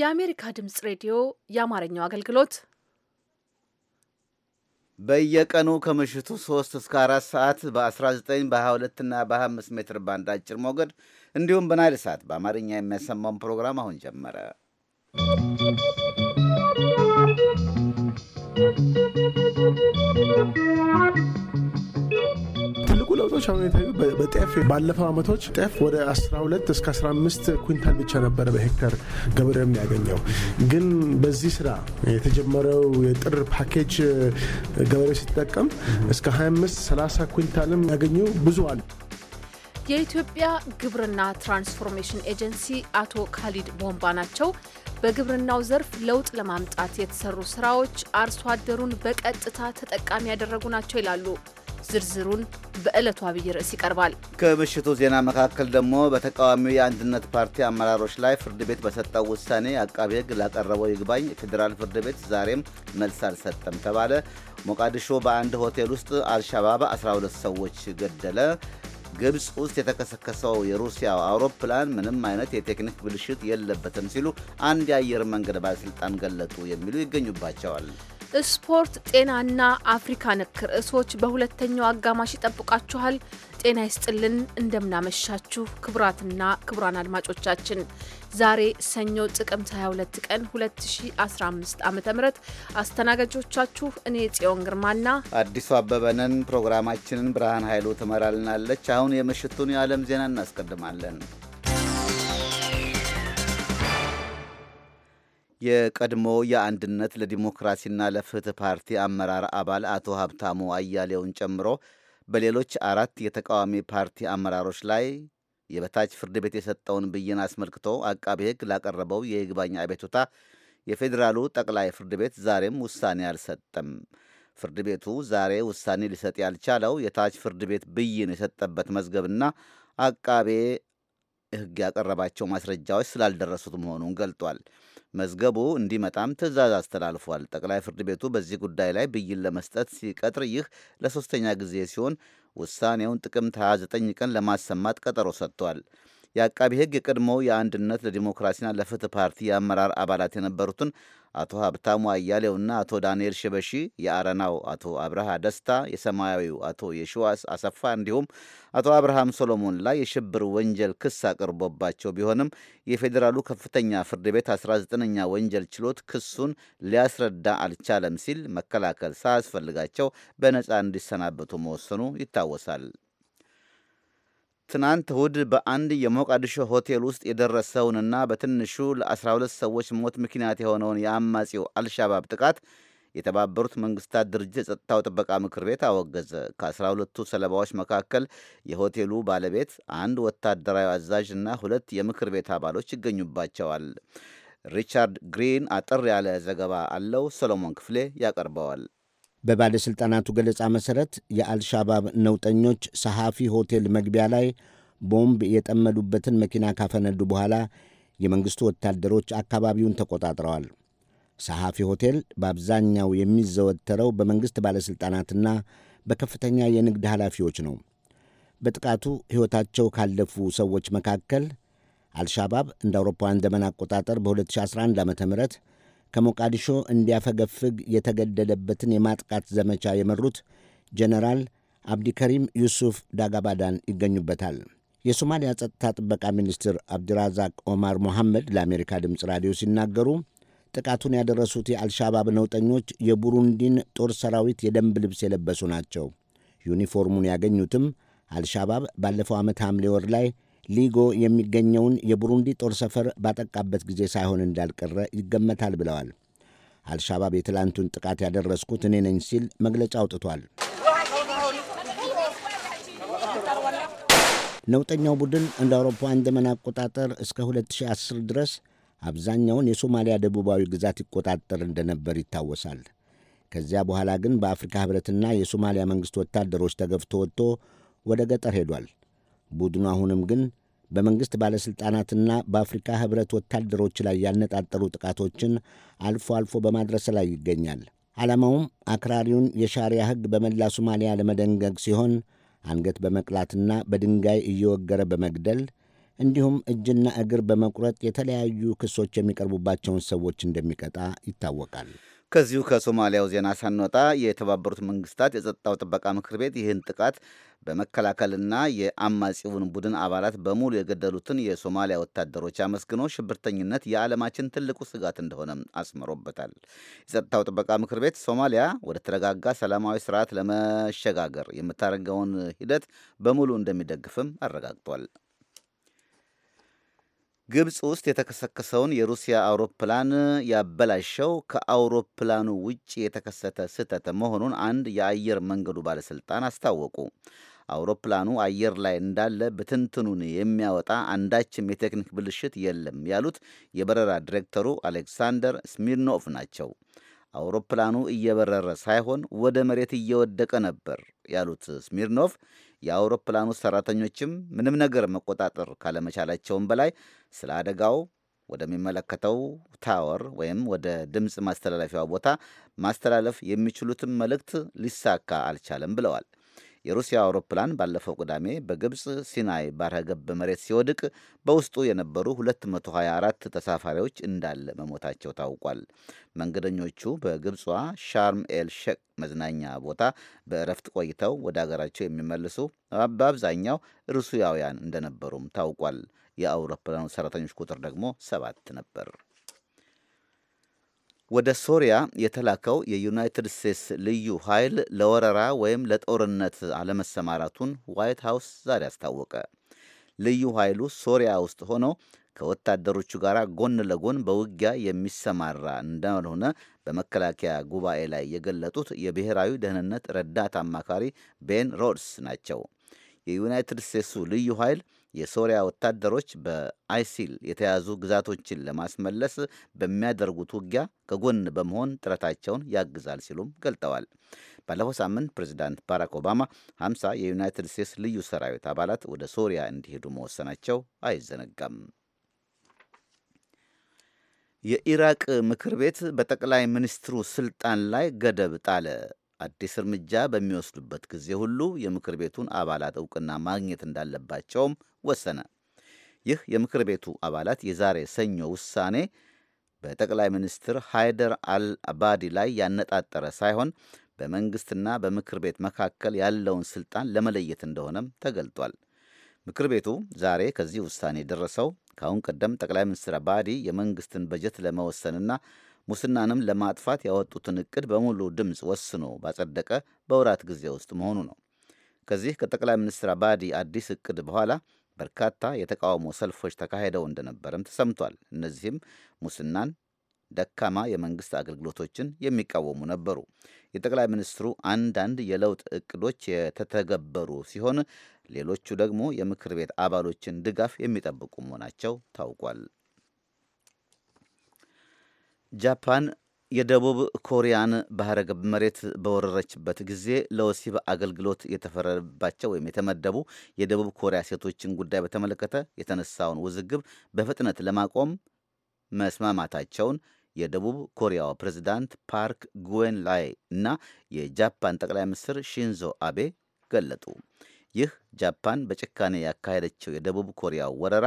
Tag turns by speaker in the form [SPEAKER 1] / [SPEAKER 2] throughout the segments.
[SPEAKER 1] የአሜሪካ ድምፅ ሬዲዮ የአማርኛው አገልግሎት
[SPEAKER 2] በየቀኑ ከምሽቱ 3 እስከ 4 ሰዓት በ19 በ22 እና በ25 ሜትር ባንድ አጭር ሞገድ እንዲሁም በናይል ሰዓት በአማርኛ የሚያሰማውን ፕሮግራም አሁን ጀመረ።
[SPEAKER 3] ¶¶
[SPEAKER 4] ለውጦች አሁን የታዩ በጤፍ ባለፈው ዓመቶች ጤፍ ወደ 12 እስከ 15 ኩንታል ብቻ ነበረ በሄክተር ገበሬ የሚያገኘው። ግን በዚህ ስራ የተጀመረው የጥር ፓኬጅ ገበሬ ሲጠቀም እስከ 25 30 ኩንታልም ያገኙ ብዙ አሉ።
[SPEAKER 1] የኢትዮጵያ ግብርና ትራንስፎርሜሽን ኤጀንሲ አቶ ካሊድ ቦምባ ናቸው። በግብርናው ዘርፍ ለውጥ ለማምጣት የተሰሩ ስራዎች አርሶ አደሩን በቀጥታ ተጠቃሚ ያደረጉ ናቸው ይላሉ። ዝርዝሩን በዕለቱ አብይ ርዕስ ይቀርባል።
[SPEAKER 2] ከምሽቱ ዜና መካከል ደግሞ በተቃዋሚው የአንድነት ፓርቲ አመራሮች ላይ ፍርድ ቤት በሰጠው ውሳኔ አቃቤ ሕግ ላቀረበው ይግባኝ ፌዴራል ፍርድ ቤት ዛሬም መልስ አልሰጠም ተባለ። ሞቃዲሾ በአንድ ሆቴል ውስጥ አልሻባብ 12 ሰዎች ገደለ። ግብፅ ውስጥ የተከሰከሰው የሩሲያ አውሮፕላን ምንም አይነት የቴክኒክ ብልሽት የለበትም ሲሉ አንድ የአየር መንገድ ባለሥልጣን ገለጡ። የሚሉ ይገኙባቸዋል።
[SPEAKER 1] ስፖርት፣ ጤናና አፍሪካ ነክ ርዕሶች በሁለተኛው አጋማሽ ይጠብቃችኋል። ጤና ይስጥልን፣ እንደምናመሻችሁ ክቡራትና ክቡራን አድማጮቻችን ዛሬ ሰኞ ጥቅምት 22 ቀን 2015 ዓ ም አስተናጋጆቻችሁ እኔ ጽዮን ግርማና
[SPEAKER 2] አዲሱ አበበነን። ፕሮግራማችንን ብርሃን ኃይሉ ትመራልናለች። አሁን የምሽቱን የዓለም ዜና እናስቀድማለን። የቀድሞ የአንድነት ለዲሞክራሲና ለፍትህ ፓርቲ አመራር አባል አቶ ሀብታሙ አያሌውን ጨምሮ በሌሎች አራት የተቃዋሚ ፓርቲ አመራሮች ላይ የበታች ፍርድ ቤት የሰጠውን ብይን አስመልክቶ አቃቤ ሕግ ላቀረበው የይግባኝ አቤቱታ የፌዴራሉ ጠቅላይ ፍርድ ቤት ዛሬም ውሳኔ አልሰጠም። ፍርድ ቤቱ ዛሬ ውሳኔ ሊሰጥ ያልቻለው የታች ፍርድ ቤት ብይን የሰጠበት መዝገብና አቃቤ ሕግ ያቀረባቸው ማስረጃዎች ስላልደረሱት መሆኑን ገልጧል። መዝገቡ እንዲመጣም ትዕዛዝ አስተላልፏል። ጠቅላይ ፍርድ ቤቱ በዚህ ጉዳይ ላይ ብይን ለመስጠት ሲቀጥር ይህ ለሶስተኛ ጊዜ ሲሆን ውሳኔውን ጥቅምት 29 ቀን ለማሰማት ቀጠሮ ሰጥቷል። የአቃቢ ሕግ የቀድሞው የአንድነት ለዲሞክራሲና ለፍትህ ፓርቲ የአመራር አባላት የነበሩትን አቶ ሀብታሙ አያሌውና አቶ ዳንኤል ሽበሺ፣ የአረናው አቶ አብርሃ ደስታ፣ የሰማያዊው አቶ የሽዋስ አሰፋ እንዲሁም አቶ አብርሃም ሶሎሞን ላይ የሽብር ወንጀል ክስ አቅርቦባቸው ቢሆንም የፌዴራሉ ከፍተኛ ፍርድ ቤት 19ኛ ወንጀል ችሎት ክሱን ሊያስረዳ አልቻለም ሲል መከላከል ሳያስፈልጋቸው በነፃ እንዲሰናበቱ መወሰኑ ይታወሳል። ትናንት እሁድ በአንድ የሞቃዲሾ ሆቴል ውስጥ የደረሰውንና በትንሹ ለ12 ሰዎች ሞት ምክንያት የሆነውን የአማጺው አልሻባብ ጥቃት የተባበሩት መንግስታት ድርጅት የጸጥታው ጥበቃ ምክር ቤት አወገዘ። ከ12ቱ ሰለባዎች መካከል የሆቴሉ ባለቤት፣ አንድ ወታደራዊ አዛዥ እና ሁለት የምክር ቤት አባሎች ይገኙባቸዋል። ሪቻርድ ግሪን አጠር ያለ ዘገባ አለው። ሰሎሞን ክፍሌ ያቀርበዋል።
[SPEAKER 5] በባለሥልጣናቱ ገለጻ መሠረት የአልሻባብ ነውጠኞች ሰሐፊ ሆቴል መግቢያ ላይ ቦምብ የጠመዱበትን መኪና ካፈነዱ በኋላ የመንግሥቱ ወታደሮች አካባቢውን ተቆጣጥረዋል። ሰሐፊ ሆቴል በአብዛኛው የሚዘወተረው በመንግሥት ባለሥልጣናትና በከፍተኛ የንግድ ኃላፊዎች ነው። በጥቃቱ ሕይወታቸው ካለፉ ሰዎች መካከል አልሻባብ እንደ አውሮፓውያን ዘመን አቆጣጠር በ2011 ዓ ም ከሞቃዲሾ እንዲያፈገፍግ የተገደደበትን የማጥቃት ዘመቻ የመሩት ጀነራል አብዲከሪም ዩሱፍ ዳጋባዳን ይገኙበታል። የሶማሊያ ጸጥታ ጥበቃ ሚኒስትር አብድራዛቅ ኦማር ሞሐመድ ለአሜሪካ ድምፅ ራዲዮ ሲናገሩ ጥቃቱን ያደረሱት የአልሻባብ ነውጠኞች የቡሩንዲን ጦር ሰራዊት የደንብ ልብስ የለበሱ ናቸው። ዩኒፎርሙን ያገኙትም አልሻባብ ባለፈው ዓመት ሐምሌ ወር ላይ ሊጎ የሚገኘውን የቡሩንዲ ጦር ሰፈር ባጠቃበት ጊዜ ሳይሆን እንዳልቀረ ይገመታል ብለዋል። አልሻባብ የትላንቱን ጥቃት ያደረስኩት እኔ ነኝ ሲል መግለጫ አውጥቷል። ነውጠኛው ቡድን እንደ አውሮፓውያን ዘመን አቆጣጠር እስከ 2010 ድረስ አብዛኛውን የሶማሊያ ደቡባዊ ግዛት ይቆጣጠር እንደነበር ይታወሳል። ከዚያ በኋላ ግን በአፍሪካ ህብረትና የሶማሊያ መንግሥት ወታደሮች ተገፍቶ ወጥቶ ወደ ገጠር ሄዷል። ቡድኑ አሁንም ግን በመንግሥት ባለሥልጣናትና በአፍሪካ ኅብረት ወታደሮች ላይ ያነጣጠሩ ጥቃቶችን አልፎ አልፎ በማድረስ ላይ ይገኛል። ዓላማውም አክራሪውን የሻሪያ ሕግ በመላ ሶማሊያ ለመደንገግ ሲሆን አንገት በመቅላትና በድንጋይ እየወገረ በመግደል እንዲሁም እጅና እግር በመቁረጥ የተለያዩ ክሶች የሚቀርቡባቸውን ሰዎች እንደሚቀጣ ይታወቃል።
[SPEAKER 2] ከዚሁ ከሶማሊያው ዜና ሳንወጣ የተባበሩት መንግስታት የጸጥታው ጥበቃ ምክር ቤት ይህን ጥቃት በመከላከልና የአማጺውን ቡድን አባላት በሙሉ የገደሉትን የሶማሊያ ወታደሮች አመስግኖ ሽብርተኝነት የዓለማችን ትልቁ ስጋት እንደሆነም አስምሮበታል። የጸጥታው ጥበቃ ምክር ቤት ሶማሊያ ወደ ተረጋጋ ሰላማዊ ስርዓት ለመሸጋገር የምታደርገውን ሂደት በሙሉ እንደሚደግፍም አረጋግጧል። ግብፅ ውስጥ የተከሰከሰውን የሩሲያ አውሮፕላን ያበላሸው ከአውሮፕላኑ ውጭ የተከሰተ ስህተት መሆኑን አንድ የአየር መንገዱ ባለሥልጣን አስታወቁ። አውሮፕላኑ አየር ላይ እንዳለ ብትንትኑን የሚያወጣ አንዳችም የቴክኒክ ብልሽት የለም ያሉት የበረራ ዲሬክተሩ አሌክሳንደር ስሚርኖቭ ናቸው። አውሮፕላኑ እየበረረ ሳይሆን ወደ መሬት እየወደቀ ነበር ያሉት ስሚርኖቭ የአውሮፕላኑ ሰራተኞችም ምንም ነገር መቆጣጠር ካለመቻላቸውም በላይ ስለ አደጋው ወደሚመለከተው ታወር ወይም ወደ ድምፅ ማስተላለፊያው ቦታ ማስተላለፍ የሚችሉትን መልእክት ሊሳካ አልቻለም ብለዋል። የሩሲያ አውሮፕላን ባለፈው ቅዳሜ በግብፅ ሲናይ ባረገብ መሬት ሲወድቅ በውስጡ የነበሩ 224 ተሳፋሪዎች እንዳለ መሞታቸው ታውቋል። መንገደኞቹ በግብፅዋ ሻርም ኤል ሼክ መዝናኛ ቦታ በእረፍት ቆይተው ወደ አገራቸው የሚመልሱ በአብዛኛው ሩሲያውያን እንደነበሩም ታውቋል። የአውሮፕላኑ ሰራተኞች ቁጥር ደግሞ ሰባት ነበር። ወደ ሶሪያ የተላከው የዩናይትድ ስቴትስ ልዩ ኃይል ለወረራ ወይም ለጦርነት አለመሰማራቱን ዋይት ሀውስ ዛሬ አስታወቀ። ልዩ ኃይሉ ሶሪያ ውስጥ ሆኖ ከወታደሮቹ ጋር ጎን ለጎን በውጊያ የሚሰማራ እንዳልሆነ በመከላከያ ጉባኤ ላይ የገለጡት የብሔራዊ ደህንነት ረዳት አማካሪ ቤን ሮድስ ናቸው። የዩናይትድ ስቴትሱ ልዩ ኃይል የሶሪያ ወታደሮች በአይሲል የተያዙ ግዛቶችን ለማስመለስ በሚያደርጉት ውጊያ ከጎን በመሆን ጥረታቸውን ያግዛል ሲሉም ገልጠዋል። ባለፈው ሳምንት ፕሬዚዳንት ባራክ ኦባማ 50 የዩናይትድ ስቴትስ ልዩ ሰራዊት አባላት ወደ ሶሪያ እንዲሄዱ መወሰናቸው አይዘነጋም። የኢራቅ ምክር ቤት በጠቅላይ ሚኒስትሩ ስልጣን ላይ ገደብ ጣለ። አዲስ እርምጃ በሚወስዱበት ጊዜ ሁሉ የምክር ቤቱን አባላት እውቅና ማግኘት እንዳለባቸውም ወሰነ። ይህ የምክር ቤቱ አባላት የዛሬ ሰኞ ውሳኔ በጠቅላይ ሚኒስትር ሃይደር አልአባዲ አባዲ ላይ ያነጣጠረ ሳይሆን በመንግስትና በምክር ቤት መካከል ያለውን ስልጣን ለመለየት እንደሆነም ተገልጧል። ምክር ቤቱ ዛሬ ከዚህ ውሳኔ የደረሰው ከአሁን ቀደም ጠቅላይ ሚኒስትር አባዲ የመንግስትን በጀት ለመወሰንና ሙስናንም ለማጥፋት ያወጡትን እቅድ በሙሉ ድምፅ ወስኖ ባጸደቀ በወራት ጊዜ ውስጥ መሆኑ ነው። ከዚህ ከጠቅላይ ሚኒስትር አባዲ አዲስ እቅድ በኋላ በርካታ የተቃውሞ ሰልፎች ተካሂደው እንደነበረም ተሰምቷል። እነዚህም ሙስናን፣ ደካማ የመንግስት አገልግሎቶችን የሚቃወሙ ነበሩ። የጠቅላይ ሚኒስትሩ አንዳንድ የለውጥ እቅዶች የተተገበሩ ሲሆን ሌሎቹ ደግሞ የምክር ቤት አባሎችን ድጋፍ የሚጠብቁ መሆናቸው ታውቋል። ጃፓን የደቡብ ኮሪያን ባህረ ገብ መሬት በወረረችበት ጊዜ ለወሲብ አገልግሎት የተፈረደባቸው ወይም የተመደቡ የደቡብ ኮሪያ ሴቶችን ጉዳይ በተመለከተ የተነሳውን ውዝግብ በፍጥነት ለማቆም መስማማታቸውን የደቡብ ኮሪያው ፕሬዝዳንት ፓርክ ጉዌን ላይ እና የጃፓን ጠቅላይ ሚኒስትር ሺንዞ አቤ ገለጡ። ይህ ጃፓን በጭካኔ ያካሄደችው የደቡብ ኮሪያ ወረራ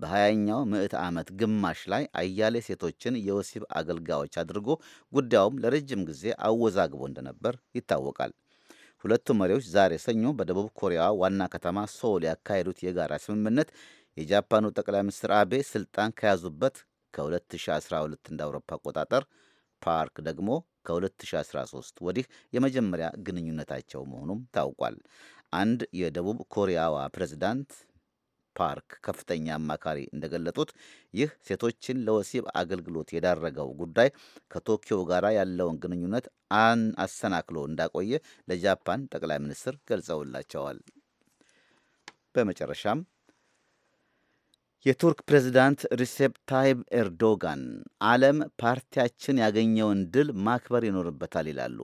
[SPEAKER 2] በሀያኛው ምዕተ ዓመት ግማሽ ላይ አያሌ ሴቶችን የወሲብ አገልጋዮች አድርጎ ጉዳዩም ለረጅም ጊዜ አወዛግቦ እንደነበር ይታወቃል። ሁለቱ መሪዎች ዛሬ ሰኞ በደቡብ ኮሪያ ዋና ከተማ ሶል ያካሄዱት የጋራ ስምምነት የጃፓኑ ጠቅላይ ሚኒስትር አቤ ስልጣን ከያዙበት ከ2012 እንደ አውሮፓ አቆጣጠር ፓርክ ደግሞ ከ2013 ወዲህ የመጀመሪያ ግንኙነታቸው መሆኑም ታውቋል። አንድ የደቡብ ኮሪያዋ ፕሬዝዳንት ፓርክ ከፍተኛ አማካሪ እንደገለጡት ይህ ሴቶችን ለወሲብ አገልግሎት የዳረገው ጉዳይ ከቶኪዮ ጋር ያለውን ግንኙነት አን አሰናክሎ እንዳቆየ ለጃፓን ጠቅላይ ሚኒስትር ገልጸውላቸዋል። በመጨረሻም የቱርክ ፕሬዝዳንት ሪሴፕ ታይብ ኤርዶጋን ዓለም ፓርቲያችን ያገኘውን ድል ማክበር ይኖርበታል ይላሉ።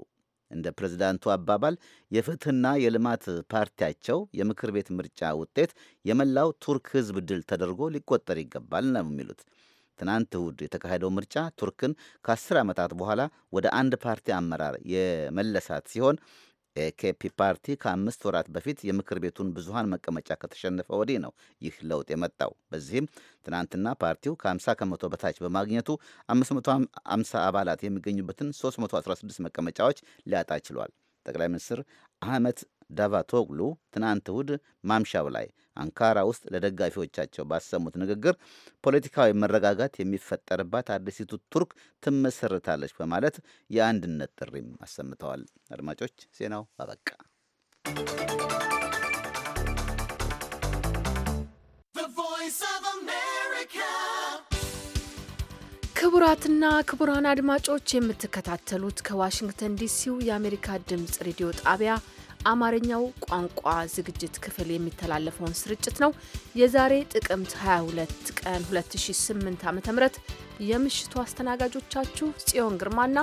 [SPEAKER 2] እንደ ፕሬዝዳንቱ አባባል የፍትህና የልማት ፓርቲያቸው የምክር ቤት ምርጫ ውጤት የመላው ቱርክ ህዝብ ድል ተደርጎ ሊቆጠር ይገባል ነው የሚሉት። ትናንት እሁድ የተካሄደው ምርጫ ቱርክን ከአስር ዓመታት በኋላ ወደ አንድ ፓርቲ አመራር የመለሳት ሲሆን ኤኬፒ ፓርቲ ከአምስት ወራት በፊት የምክር ቤቱን ብዙሃን መቀመጫ ከተሸነፈ ወዲህ ነው ይህ ለውጥ የመጣው። በዚህም ትናንትና ፓርቲው ከ50 ከመቶ በታች በማግኘቱ 550 አባላት የሚገኙበትን 316 መቀመጫዎች ሊያጣ ችሏል። ጠቅላይ ሚኒስትር አህመት ዳቫቶግሉ ትናንት እሁድ ማምሻው ላይ አንካራ ውስጥ ለደጋፊዎቻቸው ባሰሙት ንግግር ፖለቲካዊ መረጋጋት የሚፈጠርባት አዲሲቱ ቱርክ ትመሰርታለች በማለት የአንድነት ጥሪም አሰምተዋል። አድማጮች ዜናው አበቃ።
[SPEAKER 1] ክቡራትና ክቡራን አድማጮች የምትከታተሉት ከዋሽንግተን ዲሲው የአሜሪካ ድምፅ ሬዲዮ ጣቢያ አማርኛው ቋንቋ ዝግጅት ክፍል የሚተላለፈውን ስርጭት ነው። የዛሬ ጥቅምት 22 ቀን 2008 ዓ ም የምሽቱ አስተናጋጆቻችሁ ጽዮን ግርማና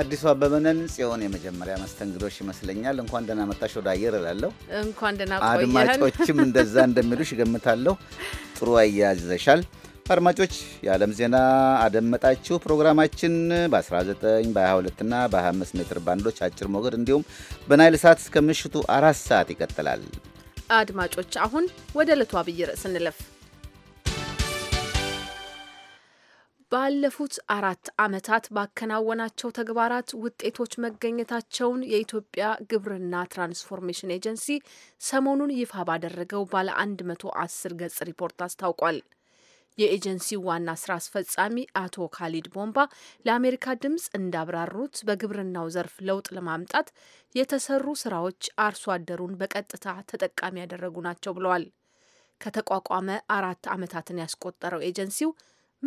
[SPEAKER 2] አዲሱ አበበነን። ጽዮን የመጀመሪያ መስተንግዶሽ ይመስለኛል። እንኳን ደህና መጣሽ ወደ አየር እላለሁ።
[SPEAKER 1] እንኳን ደህና ቆየን። አድማጮችም እንደዛ
[SPEAKER 2] እንደሚሉሽ እገምታለሁ። ጥሩ አያያዝ ይዘሻል። አድማጮች የዓለም ዜና አደመጣችሁ። ፕሮግራማችን በ19 በ22 እና በ25 ሜትር ባንዶች አጭር ሞገድ እንዲሁም በናይል ሰዓት እስከ ምሽቱ አራት ሰዓት ይቀጥላል።
[SPEAKER 1] አድማጮች አሁን ወደ ዕለቱ አብይ ርዕስ እንለፍ። ባለፉት አራት ዓመታት ባከናወናቸው ተግባራት ውጤቶች መገኘታቸውን የኢትዮጵያ ግብርና ትራንስፎርሜሽን ኤጀንሲ ሰሞኑን ይፋ ባደረገው ባለ 110 ገጽ ሪፖርት አስታውቋል። የኤጀንሲው ዋና ስራ አስፈጻሚ አቶ ካሊድ ቦምባ ለአሜሪካ ድምፅ እንዳብራሩት በግብርናው ዘርፍ ለውጥ ለማምጣት የተሰሩ ስራዎች አርሶ አደሩን በቀጥታ ተጠቃሚ ያደረጉ ናቸው ብለዋል። ከተቋቋመ አራት ዓመታትን ያስቆጠረው ኤጀንሲው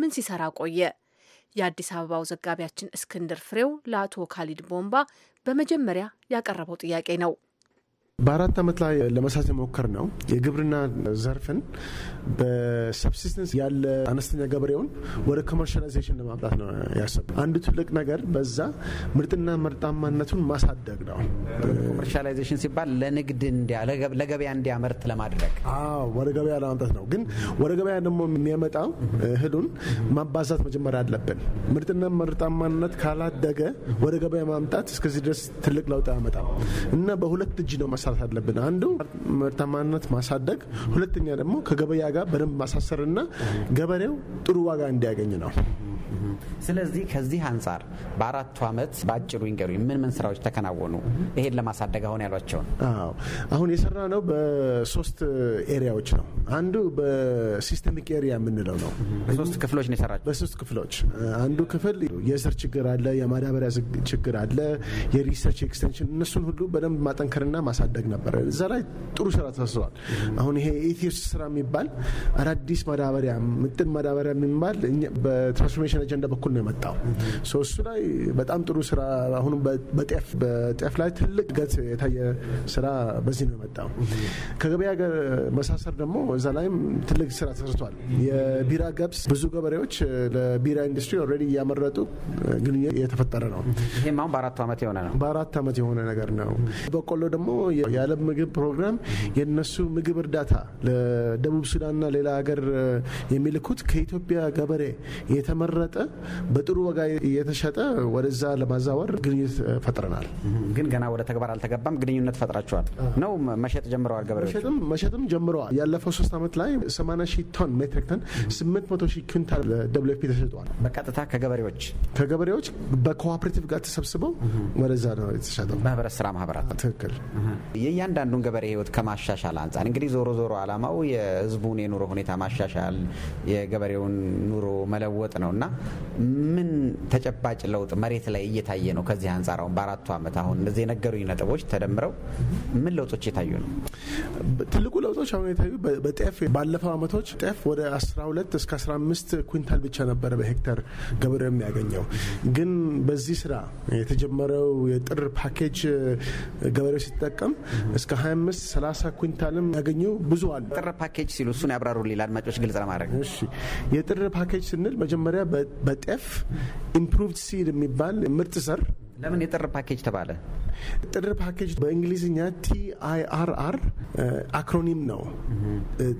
[SPEAKER 1] ምን ሲሰራ ቆየ? የአዲስ አበባው ዘጋቢያችን እስክንድር ፍሬው ለአቶ ካሊድ ቦምባ በመጀመሪያ ያቀረበው ጥያቄ ነው።
[SPEAKER 4] በአራት ዓመት ላይ ለመስራት የሞከር ነው የግብርና ዘርፍን በሰብሲስተንስ ያለ አነስተኛ ገበሬውን ወደ ኮመርሻላይዜሽን ለማምጣት ነው ያሰብ አንዱ ትልቅ ነገር በዛ ምርጥና ምርጣማነቱን
[SPEAKER 6] ማሳደግ ነው። ኮመርሻላይዜሽን ሲባል ለንግድ ለገበያ እንዲያመርት ለማድረግ
[SPEAKER 4] ወደ ገበያ ለማምጣት ነው። ግን ወደ ገበያ ደግሞ የሚያመጣው እህሉን ማባዛት መጀመሪያ አለብን። ምርጥና ምርጣማነት ካላደገ ወደ ገበያ ማምጣት እስከዚህ ድረስ ትልቅ ለውጥ አያመጣም እና በሁለት እጅ ነው መስራት አለብን። አንዱ ምርታማነት ማሳደግ፣ ሁለተኛ ደግሞ ከገበያ ጋር በደንብ ማሳሰርና ገበሬው ጥሩ ዋጋ እንዲያገኝ
[SPEAKER 6] ነው። ስለዚህ ከዚህ አንጻር በአራቱ ዓመት በአጭሩ ይንገሩ፣ ምን ምን ስራዎች ተከናወኑ? ይሄን ለማሳደግ አሁን ያሏቸውን።
[SPEAKER 4] አሁን የሰራ ነው በሶስት ኤሪያዎች ነው። አንዱ በሲስተሚክ ኤሪያ የምንለው ነው። በሶስት ክፍሎች ነው የሰራቸው። በሶስት ክፍሎች አንዱ ክፍል የዘር ችግር አለ፣ የማዳበሪያ ችግር አለ፣ የሪሰርች ኤክስቴንሽን እነሱን ሁሉ በደንብ ማጠንከርና ማሳደግ ማሳደግ ነበረ። እዛ ላይ ጥሩ ስራ ተሰርተዋል። አሁን ይሄ ኢትዮስ ስራ የሚባል አዳዲስ ማዳበሪያ ምጥን ማዳበሪያ የሚባል በትራንስፎርሜሽን አጀንዳ በኩል ነው የመጣው። እሱ ላይ በጣም ጥሩ ስራ አሁን በጤፍ ላይ ትልቅ ገጽ የታየ ስራ በዚህ ነው የመጣው። ከገበያ ጋር መሳሰር ደግሞ እዛ ላይም ትልቅ ስራ ተሰርቷል። የቢራ ገብስ ብዙ ገበሬዎች ለቢራ ኢንዱስትሪ ኦልሬዲ እያመረጡ ግንኙነት የተፈጠረ ነው።
[SPEAKER 6] ይህም አሁን በአራት ዓመት የሆነ ነው።
[SPEAKER 4] በአራት ዓመት የሆነ ነገር ነው። በቆሎ ደግሞ የዓለም ምግብ ፕሮግራም የነሱ ምግብ እርዳታ ለደቡብ ሱዳንና ሌላ ሀገር የሚልኩት ከኢትዮጵያ ገበሬ የተመረጠ በጥሩ ዋጋ የተሸጠ ወደዛ ለማዛወር ግንኙነት ፈጥረናል።
[SPEAKER 6] ግን ገና ወደ ተግባር አልተገባም። ግንኙነት ፈጥራችኋል ነው? መሸጥ ጀምረዋል ገበሬዎች?
[SPEAKER 4] መሸጥም ጀምረዋል። ያለፈው ሶስት ዓመት ላይ 80 ሺህ ቶን ሜትሪክ ቶን 800 ሺህ ኩንታል ለደብሊው
[SPEAKER 6] ተሸጠዋል። በቀጥታ ከገበሬዎች ከገበሬዎች በኮኦፕሬቲቭ ጋር ተሰብስበው ወደዛ ነው የተሸጠው። በህብረት ስራ ማህበራት ትክክል የእያንዳንዱን ገበሬ ህይወት ከማሻሻል አንጻር እንግዲህ ዞሮ ዞሮ አላማው የህዝቡን የኑሮ ሁኔታ ማሻሻል፣ የገበሬውን ኑሮ መለወጥ ነው እና ምን ተጨባጭ ለውጥ መሬት ላይ እየታየ ነው? ከዚህ አንጻር አሁን በአራቱ ዓመት አሁን እነዚህ የነገሩኝ ነጥቦች ተደምረው ምን ለውጦች የታዩ ነው? ትልቁ ለውጦች
[SPEAKER 4] አሁን የታዩ በጤፍ ባለፈው ዓመቶች ጤፍ ወደ 12 እስከ 15 ኩንታል ብቻ ነበረ በሄክተር ገበሬው የሚያገኘው ግን በዚህ ስራ የተጀመረው የጥር ፓኬጅ ገበሬው ሲጠቀም እስከ 25 30 ኩንታልም ያገኙ
[SPEAKER 6] ብዙ አሉ። ጥር ፓኬጅ ሲሉ እሱን ያብራሩልኝ ለአድማጮች ግልጽ ለማድረግ። እሺ የጥር ፓኬጅ ስንል መጀመሪያ በጤፍ ኢምፕሩቭድ ሲድ የሚባል ምርጥ ዘር ለምን የጥር ፓኬጅ ተባለ?
[SPEAKER 4] ጥር ፓኬጅ በእንግሊዝኛ ቲአይአርአር አክሮኒም ነው።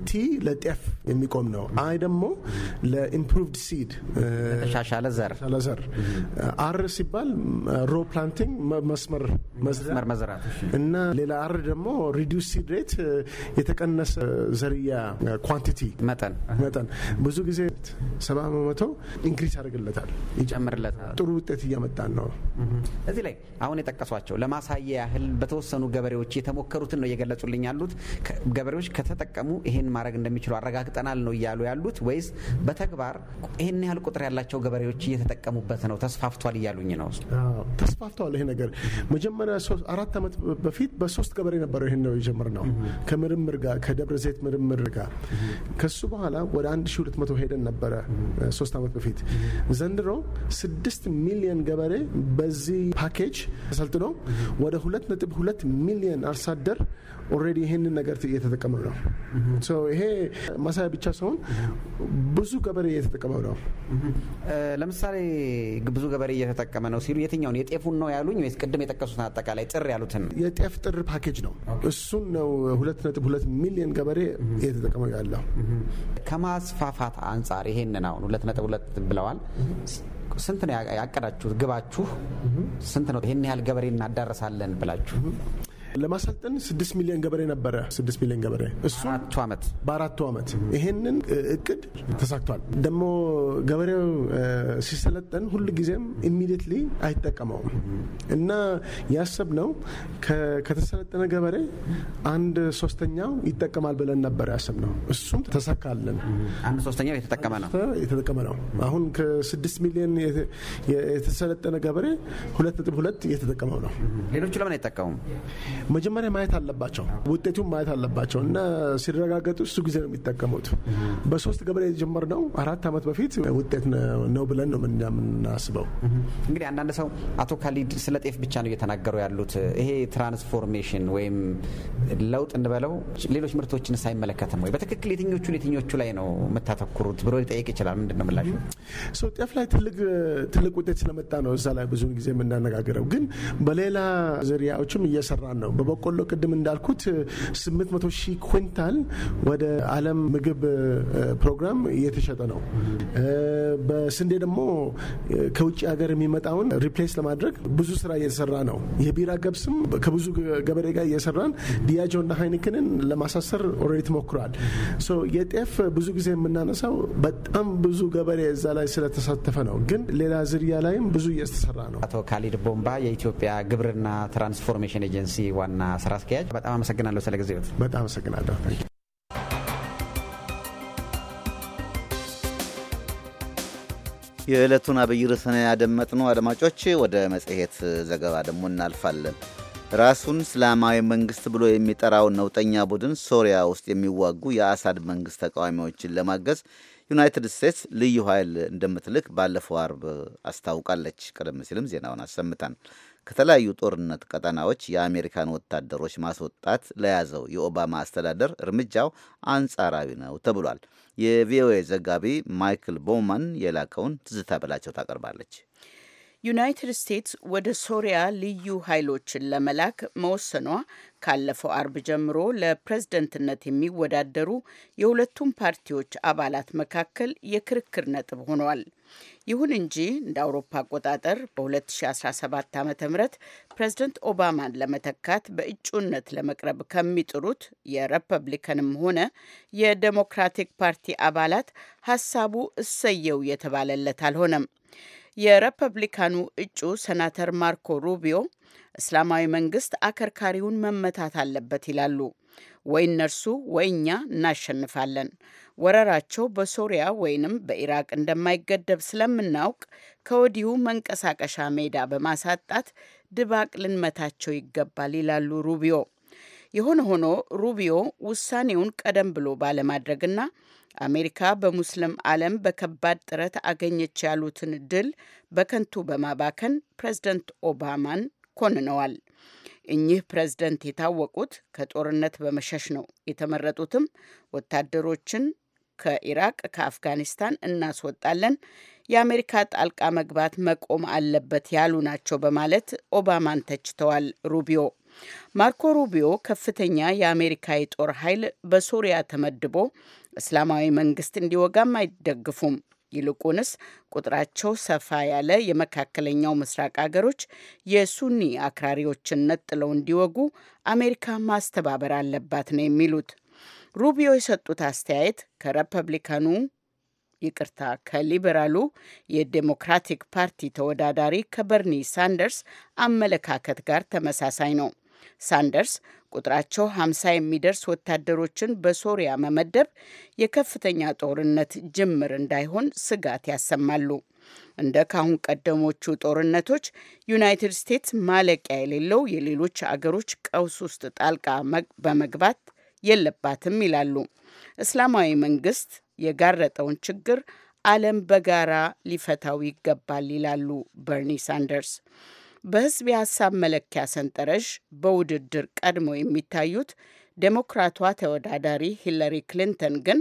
[SPEAKER 4] ቲ ለጤፍ የሚቆም ነው። አይ ደግሞ ለኢምፕሩቭድ ሲድ ለተሻሻለ ዘር፣ አር ሲባል ሮ ፕላንቲንግ መስመር መዝራት እና ሌላ አር ደግሞ ሪዲስ ሲድ ሬት የተቀነሰ ዘርያ ኳንቲቲ መጠን ብዙ ጊዜ ሰባ በመቶ
[SPEAKER 6] ኢንክሪስ ያደርግለታል፣ ይጨምርለታል። ጥሩ ውጤት እያመጣን ነው። እዚህ ላይ አሁን የጠቀሷቸው ለማሳያ ያህል በተወሰኑ ገበሬዎች የተሞከሩትን ነው እየገለጹልኝ ያሉት። ገበሬዎች ከተጠቀሙ ይህን ማድረግ እንደሚችሉ አረጋግጠናል ነው እያሉ ያሉት ወይስ በተግባር ይህን ያህል ቁጥር ያላቸው ገበሬዎች እየተጠቀሙበት ነው ተስፋፍቷል እያሉኝ ነው?
[SPEAKER 4] ተስፋፍቷል። ይሄ ነገር መጀመሪያ አራት ዓመት በፊት በሶስት ገበሬ ነበረው ይህን ነው የጀመርነው ከምርምር ጋር ከደብረ ዘይት ምርምር ጋር ከሱ በኋላ ወደ 1200 ሄደን ነበረ ሶስት ዓመት በፊት ዘንድሮ ስድስት ሚሊዮን ገበሬ በዚህ በዚህ ፓኬጅ ተሰልጥኖ ወደ ሁለት ነጥብ ሁለት ሚሊዮን አርሶ አደር ኦልሬዲ ይሄንን ነገር እየተጠቀመ ነው። ይሄ ማሳያ ብቻ ሳይሆን ብዙ ገበሬ እየተጠቀመ ነው።
[SPEAKER 6] ለምሳሌ ብዙ ገበሬ እየተጠቀመ ነው ሲሉ የትኛውን የጤፉን ነው ያሉኝ ወይስ ቅድም የጠቀሱትን አጠቃላይ ጥር ያሉትን? የጤፍ ጥር ፓኬጅ ነው እሱን ነው ሁለት ነጥብ ሁለት ሚሊዮን ገበሬ እየተጠቀመ ያለው ከማስፋፋት አንጻር ይሄንን አሁን ሁለት ነጥብ ሁለት ብለዋል ስንት ነው ያቀዳችሁት? ግባችሁ ስንት ነው? ይህን ያህል ገበሬ እናዳረሳለን ብላችሁ
[SPEAKER 4] ለማሰልጠን ስድስት ሚሊዮን ገበሬ ነበረ። ስድስት ሚሊዮን ገበሬ እሱ ዓመት በአራቱ ዓመት ይሄንን እቅድ ተሳክቷል። ደግሞ ገበሬው ሲሰለጠን ሁል ጊዜም ኢሚዲየትሊ አይጠቀመውም እና ያሰብ ነው ከተሰለጠነ ገበሬ አንድ ሶስተኛው ይጠቀማል ብለን ነበር ያሰብ ነው። እሱም ተሳካለን።
[SPEAKER 6] አንድ ሶስተኛው የተጠቀመ ነው
[SPEAKER 4] የተጠቀመ ነው። አሁን ከስድስት ሚሊዮን የተሰለጠነ ገበሬ ሁለት ነጥብ ሁለት እየተጠቀመው ነው።
[SPEAKER 6] ሌሎቹ ለምን አይጠቀሙም?
[SPEAKER 4] መጀመሪያ ማየት አለባቸው፣ ውጤቱን ማየት አለባቸው እና ሲረጋገጡ እሱ ጊዜ ነው የሚጠቀሙት። በሶስት ገበሬ የጀመርነው አራት ዓመት በፊት ውጤት
[SPEAKER 6] ነው ብለን ነው የምናስበው። እንግዲህ አንዳንድ ሰው አቶ ካሊድ ስለ ጤፍ ብቻ ነው እየተናገሩ ያሉት። ይሄ ትራንስፎርሜሽን ወይም ለውጥ እንበለው ሌሎች ምርቶችን ሳይመለከትም ወይ በትክክል የትኞቹን የትኞቹ ላይ ነው የምታተኩሩት ብሎ ሊጠየቅ ይችላል። ምንድን ነው ምላሹ?
[SPEAKER 4] ጤፍ ላይ ትልቅ ውጤት ስለመጣ ነው እዛ ላይ ብዙውን ጊዜ የምናነጋግረው። ግን በሌላ ዝርያዎችም እየሰራን ነው። በበቆሎ ቅድም እንዳልኩት 800 ሺህ ኩንታል ወደ ዓለም ምግብ ፕሮግራም እየተሸጠ ነው። በስንዴ ደግሞ ከውጭ ሀገር የሚመጣውን ሪፕሌስ ለማድረግ ብዙ ስራ እየተሰራ ነው። የቢራ ገብስም ከብዙ ገበሬ ጋር እየሰራን ዲያጆ እና ሀይኒክንን ለማሳሰር ኦልሬዲ ተሞክሯል። የጤፍ ብዙ ጊዜ የምናነሳው በጣም ብዙ ገበሬ እዛ ላይ ስለተሳተፈ ነው። ግን ሌላ ዝርያ ላይም ብዙ እየተሰራ
[SPEAKER 6] ነው። አቶ ካሊድ ቦምባ የኢትዮጵያ ግብርና ትራንስፎርሜሽን ኤጀንሲ ዋና ስራ አስኪያጅ፣ በጣም አመሰግናለሁ ስለ ጊዜው። በጣም አመሰግናለሁ።
[SPEAKER 2] የዕለቱን አብይ ርዕስን ነው አድማጮች፣ ወደ መጽሔት ዘገባ ደግሞ እናልፋለን። ራሱን እስላማዊ መንግስት ብሎ የሚጠራውን ነውጠኛ ቡድን ሶሪያ ውስጥ የሚዋጉ የአሳድ መንግስት ተቃዋሚዎችን ለማገዝ ዩናይትድ ስቴትስ ልዩ ኃይል እንደምትልክ ባለፈው አርብ አስታውቃለች። ቀደም ሲልም ዜናውን አሰምተናል። ከተለያዩ ጦርነት ቀጠናዎች የአሜሪካን ወታደሮች ማስወጣት ለያዘው የኦባማ አስተዳደር እርምጃው አንጻራዊ ነው ተብሏል። የቪኦኤ ዘጋቢ ማይክል ቦውማን የላከውን ትዝታ በላቸው ታቀርባለች።
[SPEAKER 7] ዩናይትድ ስቴትስ ወደ ሶሪያ ልዩ ኃይሎችን ለመላክ መወሰኗ ካለፈው አርብ ጀምሮ ለፕሬዝደንትነት የሚወዳደሩ የሁለቱም ፓርቲዎች አባላት መካከል የክርክር ነጥብ ሆኗል። ይሁን እንጂ እንደ አውሮፓ አቆጣጠር በ2017 ዓ ም ፕሬዝደንት ኦባማን ለመተካት በእጩነት ለመቅረብ ከሚጥሩት የሪፐብሊካንም ሆነ የዴሞክራቲክ ፓርቲ አባላት ሀሳቡ እሰየው የተባለለት አልሆነም። የሪፐብሊካኑ እጩ ሰናተር ማርኮ ሩቢዮ እስላማዊ መንግስት አከርካሪውን መመታት አለበት ይላሉ። ወይ እነርሱ ወይ እኛ እናሸንፋለን። ወረራቸው በሶሪያ ወይንም በኢራቅ እንደማይገደብ ስለምናውቅ ከወዲሁ መንቀሳቀሻ ሜዳ በማሳጣት ድባቅ ልንመታቸው ይገባል ይላሉ ሩቢዮ። የሆነ ሆኖ ሩቢዮ ውሳኔውን ቀደም ብሎ ባለማድረግና አሜሪካ በሙስሊም ዓለም በከባድ ጥረት አገኘች ያሉትን ድል በከንቱ በማባከን ፕሬዝደንት ኦባማን ኮንነዋል። እኚህ ፕሬዝደንት የታወቁት ከጦርነት በመሸሽ ነው። የተመረጡትም ወታደሮችን ከኢራቅ ከአፍጋኒስታን እናስወጣለን፣ የአሜሪካ ጣልቃ መግባት መቆም አለበት ያሉ ናቸው በማለት ኦባማን ተችተዋል ሩቢዮ። ማርኮ ሩቢዮ ከፍተኛ የአሜሪካ የጦር ኃይል በሶሪያ ተመድቦ እስላማዊ መንግስት እንዲወጋም አይደግፉም። ይልቁንስ ቁጥራቸው ሰፋ ያለ የመካከለኛው ምስራቅ አገሮች የሱኒ አክራሪዎችን ነጥለው እንዲወጉ አሜሪካ ማስተባበር አለባት ነው የሚሉት። ሩቢዮ የሰጡት አስተያየት ከሪፐብሊካኑ ይቅርታ ከሊበራሉ የዴሞክራቲክ ፓርቲ ተወዳዳሪ ከበርኒ ሳንደርስ አመለካከት ጋር ተመሳሳይ ነው። ሳንደርስ ቁጥራቸው 50 የሚደርስ ወታደሮችን በሶሪያ መመደብ የከፍተኛ ጦርነት ጅምር እንዳይሆን ስጋት ያሰማሉ። እንደ ካሁን ቀደሞቹ ጦርነቶች ዩናይትድ ስቴትስ ማለቂያ የሌለው የሌሎች አገሮች ቀውስ ውስጥ ጣልቃ በመግባት የለባትም ይላሉ። እስላማዊ መንግስት የጋረጠውን ችግር ዓለም በጋራ ሊፈታው ይገባል ይላሉ በርኒ ሳንደርስ። በህዝብ የሀሳብ መለኪያ ሰንጠረዥ በውድድር ቀድመው የሚታዩት ዴሞክራቷ ተወዳዳሪ ሂለሪ ክሊንተን ግን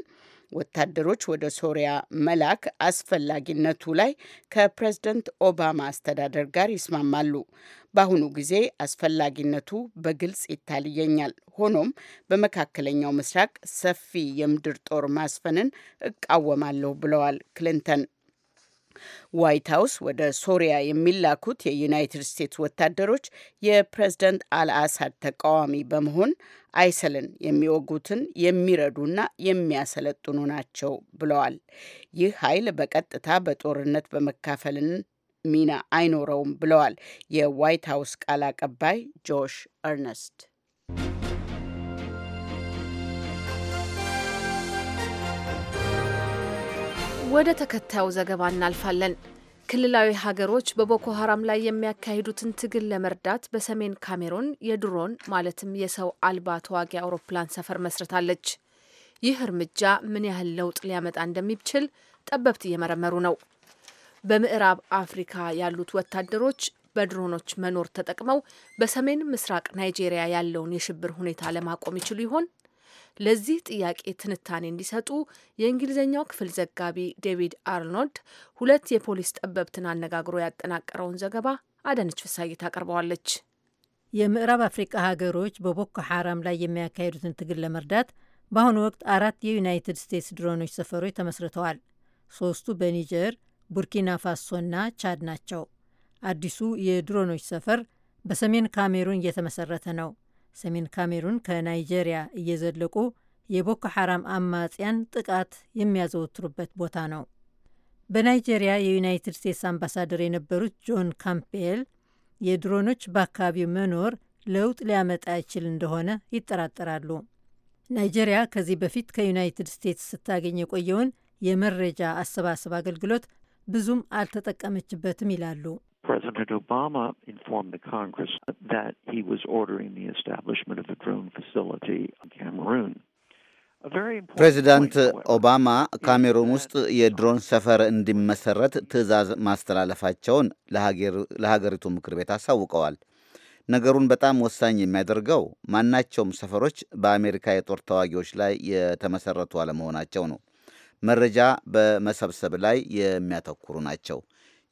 [SPEAKER 7] ወታደሮች ወደ ሶሪያ መላክ አስፈላጊነቱ ላይ ከፕሬዝደንት ኦባማ አስተዳደር ጋር ይስማማሉ። በአሁኑ ጊዜ አስፈላጊነቱ በግልጽ ይታልየኛል፣ ሆኖም በመካከለኛው ምስራቅ ሰፊ የምድር ጦር ማስፈንን እቃወማለሁ ብለዋል ክሊንተን። ዋይት ሀውስ ወደ ሶሪያ የሚላኩት የዩናይትድ ስቴትስ ወታደሮች የፕሬዝደንት አልአሳድ ተቃዋሚ በመሆን አይሰልን የሚወጉትን የሚረዱና የሚያሰለጥኑ ናቸው ብለዋል። ይህ ኃይል በቀጥታ በጦርነት በመካፈልን ሚና አይኖረውም ብለዋል የዋይት ሀውስ ቃል አቀባይ ጆሽ እርነስት።
[SPEAKER 1] ወደ ተከታዩ ዘገባ እናልፋለን። ክልላዊ ሀገሮች በቦኮ ሀራም ላይ የሚያካሂዱትን ትግል ለመርዳት በሰሜን ካሜሩን የድሮን ማለትም የሰው አልባ ተዋጊ አውሮፕላን ሰፈር መስርታለች። ይህ እርምጃ ምን ያህል ለውጥ ሊያመጣ እንደሚችል ጠበብት እየመረመሩ ነው። በምዕራብ አፍሪካ ያሉት ወታደሮች በድሮኖች መኖር ተጠቅመው በሰሜን ምስራቅ ናይጄሪያ ያለውን የሽብር ሁኔታ ለማቆም ይችሉ ይሆን? ለዚህ ጥያቄ ትንታኔ እንዲሰጡ የእንግሊዝኛው ክፍል ዘጋቢ ዴቪድ አርኖልድ ሁለት
[SPEAKER 8] የፖሊስ ጠበብትን አነጋግሮ ያጠናቀረውን ዘገባ አዳነች ፍሳዬ ታቀርበዋለች። የምዕራብ አፍሪቃ ሀገሮች በቦኮ ሐራም ላይ የሚያካሂዱትን ትግል ለመርዳት በአሁኑ ወቅት አራት የዩናይትድ ስቴትስ ድሮኖች ሰፈሮች ተመስርተዋል። ሶስቱ በኒጀር፣ ቡርኪና ፋሶና ቻድ ናቸው። አዲሱ የድሮኖች ሰፈር በሰሜን ካሜሩን እየተመሰረተ ነው። ሰሜን ካሜሩን ከናይጄሪያ እየዘለቁ የቦኮ ሐራም አማጽያን ጥቃት የሚያዘወትሩበት ቦታ ነው። በናይጄሪያ የዩናይትድ ስቴትስ አምባሳደር የነበሩት ጆን ካምፔል የድሮኖች በአካባቢው መኖር ለውጥ ሊያመጣ ይችል እንደሆነ ይጠራጠራሉ። ናይጄሪያ ከዚህ በፊት ከዩናይትድ ስቴትስ ስታገኝ የቆየውን የመረጃ አሰባሰብ አገልግሎት ብዙም አልተጠቀመችበትም ይላሉ።
[SPEAKER 9] President Obama informed the Congress that
[SPEAKER 2] he was ordering the establishment of a drone facility in Cameroon. ፕሬዚዳንት ኦባማ ካሜሩን ውስጥ የድሮን ሰፈር እንዲመሰረት ትዕዛዝ ማስተላለፋቸውን ለሀገሪቱ ምክር ቤት አሳውቀዋል። ነገሩን በጣም ወሳኝ የሚያደርገው ማናቸውም ሰፈሮች በአሜሪካ የጦር ተዋጊዎች ላይ የተመሰረቱ አለመሆናቸው ነው። መረጃ በመሰብሰብ ላይ የሚያተኩሩ ናቸው።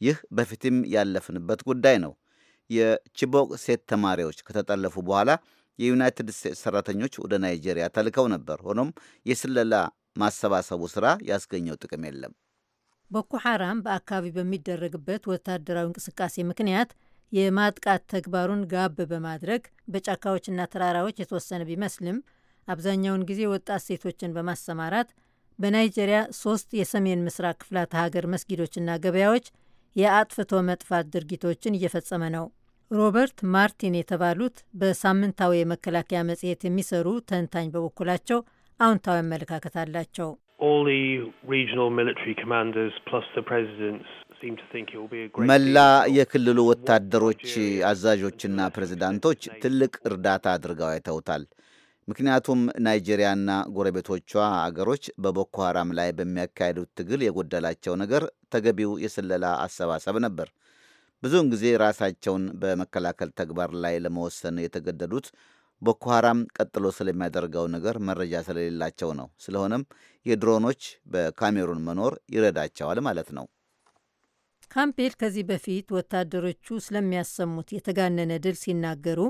[SPEAKER 2] ይህ በፊትም ያለፍንበት ጉዳይ ነው። የቺቦክ ሴት ተማሪዎች ከተጠለፉ በኋላ የዩናይትድ ስቴትስ ሰራተኞች ወደ ናይጄሪያ ተልከው ነበር። ሆኖም የስለላ ማሰባሰቡ ስራ ያስገኘው ጥቅም የለም።
[SPEAKER 8] ቦኮ ሐራም በአካባቢ በሚደረግበት ወታደራዊ እንቅስቃሴ ምክንያት የማጥቃት ተግባሩን ጋብ በማድረግ በጫካዎችና ተራራዎች የተወሰነ ቢመስልም አብዛኛውን ጊዜ ወጣት ሴቶችን በማሰማራት በናይጄሪያ ሶስት የሰሜን ምስራቅ ክፍላት ሀገር መስጊዶችና ገበያዎች የአጥፍቶ መጥፋት ድርጊቶችን እየፈጸመ ነው። ሮበርት ማርቲን የተባሉት በሳምንታዊ የመከላከያ መጽሔት የሚሰሩ ተንታኝ በበኩላቸው አዎንታዊ አመለካከት አላቸው።
[SPEAKER 2] መላ የክልሉ ወታደሮች አዛዦችና ፕሬዚዳንቶች ትልቅ እርዳታ አድርገው አይተውታል። ምክንያቱም ናይጄሪያና ጎረቤቶቿ አገሮች በቦኮ ሐራም ላይ በሚያካሄዱት ትግል የጎደላቸው ነገር ተገቢው የስለላ አሰባሰብ ነበር። ብዙውን ጊዜ ራሳቸውን በመከላከል ተግባር ላይ ለመወሰን የተገደዱት ቦኮ ሐራም ቀጥሎ ስለሚያደርገው ነገር መረጃ ስለሌላቸው ነው። ስለሆነም የድሮኖች በካሜሩን መኖር ይረዳቸዋል ማለት ነው።
[SPEAKER 8] ካምፔል ከዚህ በፊት ወታደሮቹ ስለሚያሰሙት የተጋነነ ድል ሲናገሩ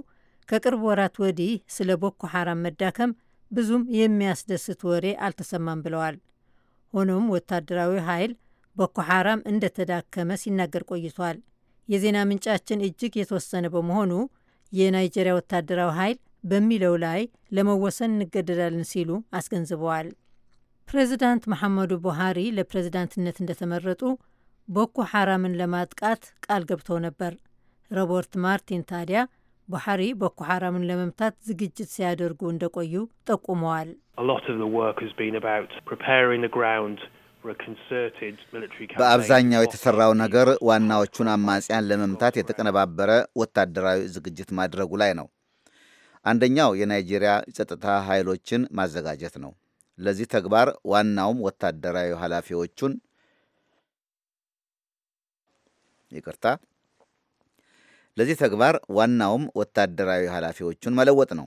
[SPEAKER 8] ከቅርብ ወራት ወዲህ ስለ ቦኮ ሐራም መዳከም ብዙም የሚያስደስት ወሬ አልተሰማም ብለዋል። ሆኖም ወታደራዊ ኃይል ቦኮ ሐራም እንደተዳከመ ሲናገር ቆይቷል። የዜና ምንጫችን እጅግ የተወሰነ በመሆኑ የናይጄሪያ ወታደራዊ ኃይል በሚለው ላይ ለመወሰን እንገደዳለን ሲሉ አስገንዝበዋል። ፕሬዚዳንት መሐመዱ ቡሃሪ ለፕሬዚዳንትነት እንደተመረጡ ቦኮ ሐራምን ለማጥቃት ቃል ገብተው ነበር። ሮበርት ማርቲን ታዲያ ቡሓሪ ቦኮ ሓራምን ለመምታት ዝግጅት ሲያደርጉ እንደቆዩ ጠቁመዋል።
[SPEAKER 9] በአብዛኛው
[SPEAKER 2] የተሰራው ነገር ዋናዎቹን አማጽያን ለመምታት የተቀነባበረ ወታደራዊ ዝግጅት ማድረጉ ላይ ነው። አንደኛው የናይጄሪያ ጸጥታ ኃይሎችን ማዘጋጀት ነው። ለዚህ ተግባር ዋናውም ወታደራዊ ኃላፊዎቹን ይቅርታ ለዚህ ተግባር ዋናውም ወታደራዊ ኃላፊዎቹን መለወጥ ነው።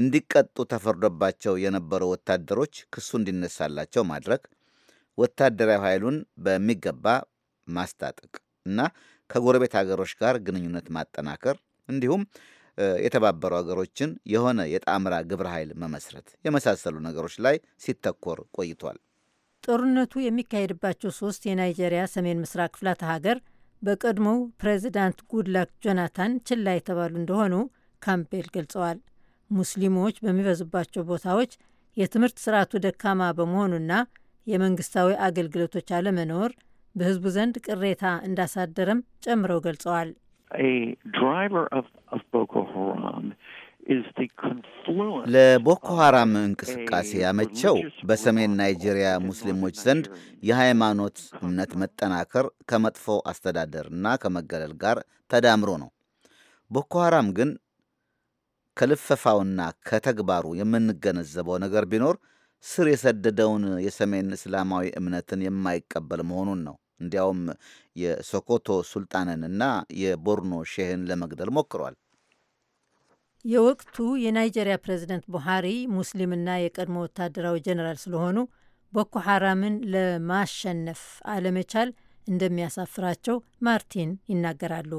[SPEAKER 2] እንዲቀጡ ተፈርዶባቸው የነበሩ ወታደሮች ክሱ እንዲነሳላቸው ማድረግ፣ ወታደራዊ ኃይሉን በሚገባ ማስታጠቅ እና ከጎረቤት ሀገሮች ጋር ግንኙነት ማጠናከር እንዲሁም የተባበሩ ሀገሮችን የሆነ የጣምራ ግብረ ኃይል መመስረት የመሳሰሉ ነገሮች ላይ ሲተኮር ቆይቷል።
[SPEAKER 8] ጦርነቱ የሚካሄድባቸው ሶስት የናይጄሪያ ሰሜን ምስራቅ ክፍላተ ሀገር በቀድሞው ፕሬዚዳንት ጉድላክ ጆናታን ችላ የተባሉ እንደሆኑ ካምፔል ገልጸዋል። ሙስሊሞች በሚበዙባቸው ቦታዎች የትምህርት ስርዓቱ ደካማ በመሆኑና የመንግስታዊ አገልግሎቶች አለመኖር በህዝቡ ዘንድ ቅሬታ እንዳሳደረም ጨምረው ገልጸዋል።
[SPEAKER 2] ለቦኮ ሐራም እንቅስቃሴ ያመቸው በሰሜን ናይጄሪያ ሙስሊሞች ዘንድ የሃይማኖት እምነት መጠናከር ከመጥፎ አስተዳደርና ከመገለል ጋር ተዳምሮ ነው። ቦኮ ሐራም ግን ከልፈፋውና ከተግባሩ የምንገነዘበው ነገር ቢኖር ስር የሰደደውን የሰሜን እስላማዊ እምነትን የማይቀበል መሆኑን ነው። እንዲያውም የሶኮቶ ሱልጣንንና የቦርኖ ሼህን ለመግደል ሞክሯል።
[SPEAKER 8] የወቅቱ የናይጀሪያ ፕሬዚደንት ቡሃሪ ሙስሊምና የቀድሞ ወታደራዊ ጀኔራል ስለሆኑ ቦኮ ሐራምን ለማሸነፍ አለመቻል እንደሚያሳፍራቸው ማርቲን ይናገራሉ።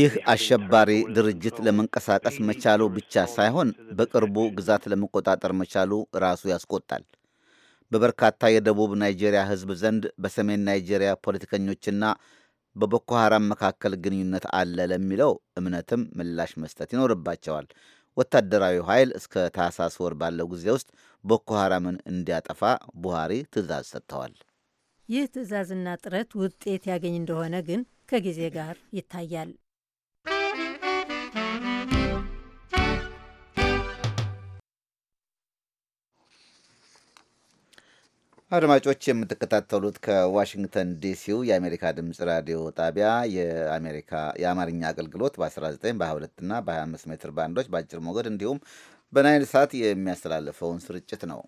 [SPEAKER 9] ይህ
[SPEAKER 2] አሸባሪ ድርጅት ለመንቀሳቀስ መቻሉ ብቻ ሳይሆን በቅርቡ ግዛት ለመቆጣጠር መቻሉ ራሱ ያስቆጣል። በበርካታ የደቡብ ናይጄሪያ ሕዝብ ዘንድ በሰሜን ናይጄሪያ ፖለቲከኞችና በቦኮ ሐራም መካከል ግንኙነት አለ ለሚለው እምነትም ምላሽ መስጠት ይኖርባቸዋል። ወታደራዊ ኃይል እስከ ታህሳስ ወር ባለው ጊዜ ውስጥ ቦኮ ሐራምን እንዲያጠፋ ቡሃሪ ትዕዛዝ ሰጥተዋል።
[SPEAKER 8] ይህ ትዕዛዝና ጥረት ውጤት ያገኝ እንደሆነ ግን ከጊዜ ጋር ይታያል።
[SPEAKER 2] አድማጮች የምትከታተሉት ከዋሽንግተን ዲሲው የአሜሪካ ድምፅ ራዲዮ ጣቢያ የአሜሪካ የአማርኛ አገልግሎት በ19 በ22 እና በ25 ሜትር ባንዶች በአጭር ሞገድ እንዲሁም በናይል ሳት የሚያስተላልፈውን ስርጭት ነው።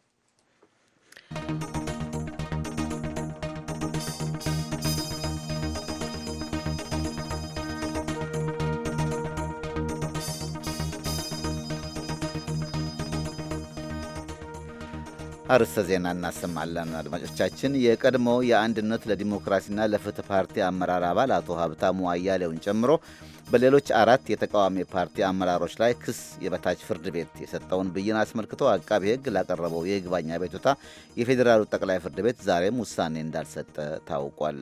[SPEAKER 2] አርዕስተ ዜና እናሰማለን። አድማጮቻችን የቀድሞው የአንድነት ለዲሞክራሲና ለፍትህ ፓርቲ አመራር አባል አቶ ሀብታሙ አያሌውን ጨምሮ በሌሎች አራት የተቃዋሚ ፓርቲ አመራሮች ላይ ክስ የበታች ፍርድ ቤት የሰጠውን ብይን አስመልክቶ አቃቢ ሕግ ላቀረበው የይግባኝ አቤቱታ የፌዴራሉ ጠቅላይ ፍርድ ቤት ዛሬም ውሳኔ እንዳልሰጠ ታውቋል።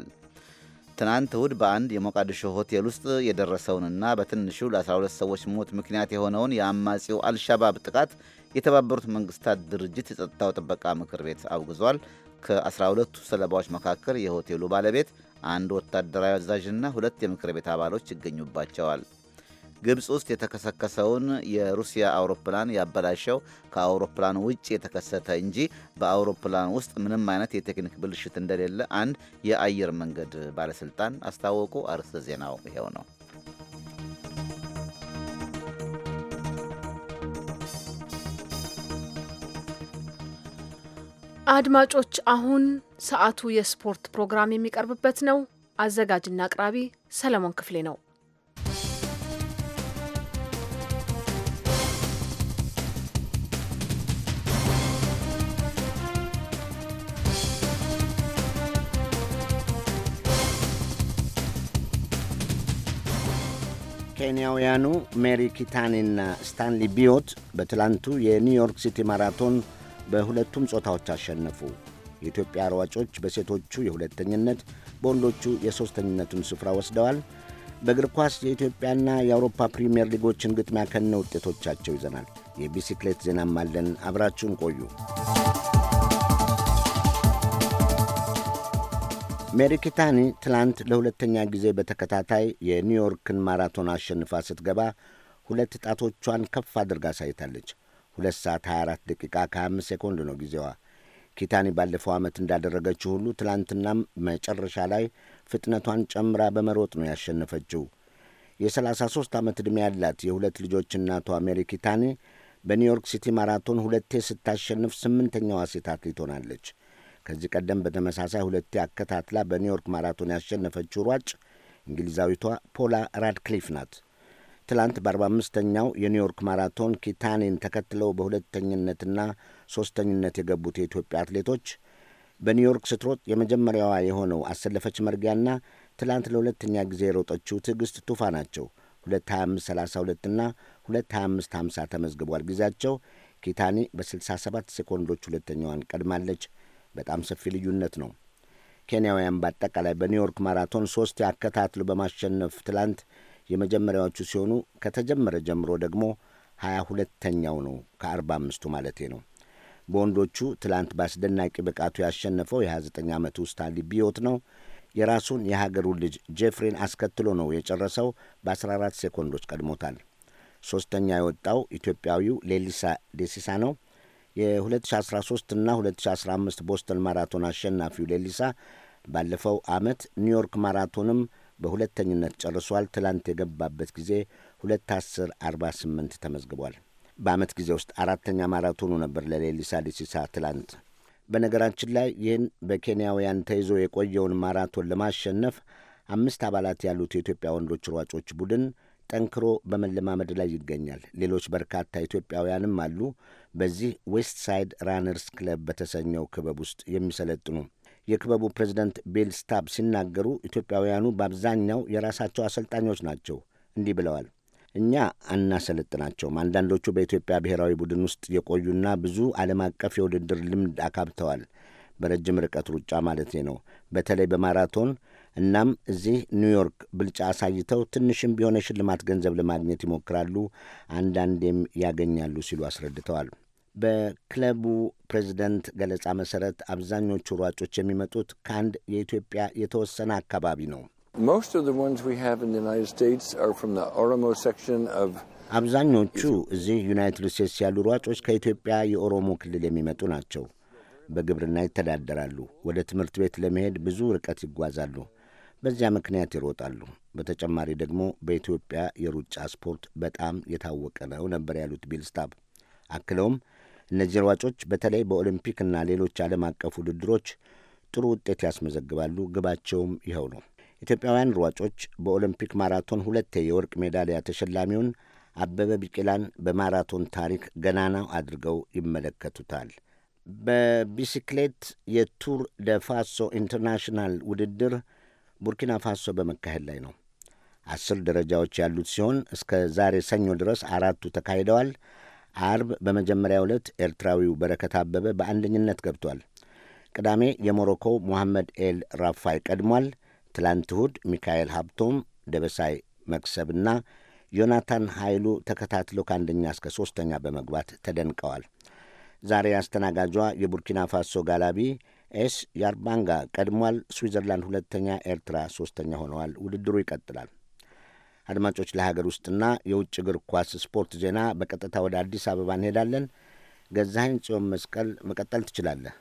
[SPEAKER 2] ትናንት እሁድ በአንድ የሞቃዲሾ ሆቴል ውስጥ የደረሰውንና በትንሹ ለ12 ሰዎች ሞት ምክንያት የሆነውን የአማጺው አልሻባብ ጥቃት የተባበሩት መንግስታት ድርጅት የጸጥታው ጥበቃ ምክር ቤት አውግዟል። ከ12ቱ ሰለባዎች መካከል የሆቴሉ ባለቤት፣ አንድ ወታደራዊ አዛዥና ሁለት የምክር ቤት አባሎች ይገኙባቸዋል። ግብፅ ውስጥ የተከሰከሰውን የሩሲያ አውሮፕላን ያበላሸው ከአውሮፕላን ውጭ የተከሰተ እንጂ በአውሮፕላን ውስጥ ምንም አይነት የቴክኒክ ብልሽት እንደሌለ አንድ የአየር መንገድ ባለስልጣን አስታወቁ። አርዕስተ ዜናው ይኸው ነው።
[SPEAKER 1] አድማጮች አሁን ሰዓቱ የስፖርት ፕሮግራም የሚቀርብበት ነው። አዘጋጅና አቅራቢ ሰለሞን ክፍሌ ነው።
[SPEAKER 5] ኬንያውያኑ ሜሪ ኪታኒና ስታንሊ ቢዮት በትላንቱ የኒውዮርክ ሲቲ ማራቶን በሁለቱም ጾታዎች አሸነፉ። የኢትዮጵያ ሯጮች በሴቶቹ የሁለተኝነት፣ በወንዶቹ የሦስተኝነቱን ስፍራ ወስደዋል። በእግር ኳስ የኢትዮጵያና የአውሮፓ ፕሪምየር ሊጎችን ግጥሚያ ከነ ውጤቶቻቸው ይዘናል። የቢሲክሌት ዜናም አለን። አብራችሁን ቆዩ። ሜሪ ኪታኒ ትላንት ለሁለተኛ ጊዜ በተከታታይ የኒውዮርክን ማራቶን አሸንፋ ስትገባ ሁለት ጣቶቿን ከፍ አድርጋ አሳይታለች። 2 ሰዓት 24 ደቂቃ ከ5 ሴኮንድ ነው ጊዜዋ። ኪታኒ ባለፈው ዓመት እንዳደረገችው ሁሉ ትላንትናም መጨረሻ ላይ ፍጥነቷን ጨምራ በመሮጥ ነው ያሸነፈችው። የ33 ዓመት ዕድሜ ያላት የሁለት ልጆች እናቷ ሜሪ ኪታኒ በኒውዮርክ ሲቲ ማራቶን ሁለቴ ስታሸንፍ ስምንተኛዋ ሴት አትሌት ሆናለች። ከዚህ ቀደም በተመሳሳይ ሁለቴ አከታትላ በኒውዮርክ ማራቶን ያሸነፈችው ሯጭ እንግሊዛዊቷ ፖላ ራድክሊፍ ናት። ትላንት በ45ኛው የኒውዮርክ ማራቶን ኪታኔን ተከትለው በሁለተኝነትና ሦስተኝነት የገቡት የኢትዮጵያ አትሌቶች በኒውዮርክ ስትሮጥ የመጀመሪያዋ የሆነው አሰለፈች መርጊያና ትላንት ለሁለተኛ ጊዜ የሮጠችው ትዕግሥት ቱፋ ናቸው። 22532 22532ና 22550 ተመዝግቧል ጊዜያቸው። ኪታኒ በ67 ሴኮንዶች ሁለተኛዋን ቀድማለች። በጣም ሰፊ ልዩነት ነው። ኬንያውያን በአጠቃላይ በኒውዮርክ ማራቶን ሶስት ያከታትሉ በማሸነፍ ትላንት የመጀመሪያዎቹ ሲሆኑ ከተጀመረ ጀምሮ ደግሞ ሀያ ሁለተኛው ነው ከአርባ አምስቱ ማለቴ ነው። በወንዶቹ ትላንት በአስደናቂ ብቃቱ ያሸነፈው የ29 ዓመቱ ስታንሊ ቢዮት ነው። የራሱን የሀገሩን ልጅ ጄፍሪን አስከትሎ ነው የጨረሰው። በ14 ሴኮንዶች ቀድሞታል። ሦስተኛ የወጣው ኢትዮጵያዊው ሌሊሳ ዴሲሳ ነው። የ2013 እና 2015 ቦስተን ማራቶን አሸናፊው ሌሊሳ ባለፈው ዓመት ኒውዮርክ ማራቶንም በሁለተኝነት ጨርሷል። ትላንት የገባበት ጊዜ 2፡10፡48 ተመዝግቧል። በዓመት ጊዜ ውስጥ አራተኛ ማራቶኑ ነበር ለሌሊሳ ዲሲሳ ትላንት። በነገራችን ላይ ይህን በኬንያውያን ተይዞ የቆየውን ማራቶን ለማሸነፍ አምስት አባላት ያሉት የኢትዮጵያ ወንዶች ሯጮች ቡድን ጠንክሮ በመለማመድ ላይ ይገኛል። ሌሎች በርካታ ኢትዮጵያውያንም አሉ በዚህ ዌስት ሳይድ ራነርስ ክለብ በተሰኘው ክበብ ውስጥ የሚሰለጥኑ የክበቡ ፕሬዚደንት ቤል ስታብ ሲናገሩ ኢትዮጵያውያኑ በአብዛኛው የራሳቸው አሰልጣኞች ናቸው። እንዲህ ብለዋል። እኛ አናሰለጥናቸውም። አንዳንዶቹ በኢትዮጵያ ብሔራዊ ቡድን ውስጥ የቆዩና ብዙ ዓለም አቀፍ የውድድር ልምድ አካብተዋል። በረጅም ርቀት ሩጫ ማለት ነው፣ በተለይ በማራቶን። እናም እዚህ ኒውዮርክ ብልጫ አሳይተው ትንሽም ቢሆነ ሽልማት ገንዘብ ለማግኘት ይሞክራሉ፣ አንዳንዴም ያገኛሉ ሲሉ አስረድተዋል። በክለቡ ፕሬዚደንት ገለጻ መሰረት አብዛኞቹ ሯጮች የሚመጡት ከአንድ የኢትዮጵያ የተወሰነ አካባቢ ነው። አብዛኞቹ እዚህ ዩናይትድ ስቴትስ ያሉ ሯጮች ከኢትዮጵያ የኦሮሞ ክልል የሚመጡ ናቸው። በግብርና ይተዳደራሉ። ወደ ትምህርት ቤት ለመሄድ ብዙ ርቀት ይጓዛሉ። በዚያ ምክንያት ይሮጣሉ። በተጨማሪ ደግሞ በኢትዮጵያ የሩጫ ስፖርት በጣም የታወቀ ነው ነበር ያሉት ቢልስታብ አክለውም እነዚህ ሯጮች በተለይ በኦሎምፒክና ሌሎች ዓለም አቀፍ ውድድሮች ጥሩ ውጤት ያስመዘግባሉ። ግባቸውም ይኸው ነው። ኢትዮጵያውያን ሯጮች በኦሎምፒክ ማራቶን ሁለቴ የወርቅ ሜዳሊያ ተሸላሚውን አበበ ቢቂላን በማራቶን ታሪክ ገናናው አድርገው ይመለከቱታል። በቢሲክሌት የቱር ደ ፋሶ ኢንተርናሽናል ውድድር ቡርኪና ፋሶ በመካሄድ ላይ ነው። አስር ደረጃዎች ያሉት ሲሆን እስከ ዛሬ ሰኞ ድረስ አራቱ ተካሂደዋል። አርብ በመጀመሪያ ዕለት ኤርትራዊው በረከት አበበ በአንደኝነት ገብቷል። ቅዳሜ የሞሮኮው ሞሐመድ ኤል ራፋይ ቀድሟል። ትላንት እሁድ ሚካኤል ሀብቶም፣ ደበሳይ መክሰብና ዮናታን ኃይሉ ተከታትሎ ከአንደኛ እስከ ሦስተኛ በመግባት ተደንቀዋል። ዛሬ አስተናጋጇ የቡርኪና ፋሶ ጋላቢ ኤስ ያርባንጋ ቀድሟል። ስዊዘርላንድ ሁለተኛ፣ ኤርትራ ሦስተኛ ሆነዋል። ውድድሩ ይቀጥላል። አድማጮች፣ ለሀገር ውስጥና የውጭ እግር ኳስ ስፖርት ዜና በቀጥታ ወደ አዲስ አበባ እንሄዳለን። ገዛኸኝ ጽዮን መስቀል መቀጠል ትችላለህ።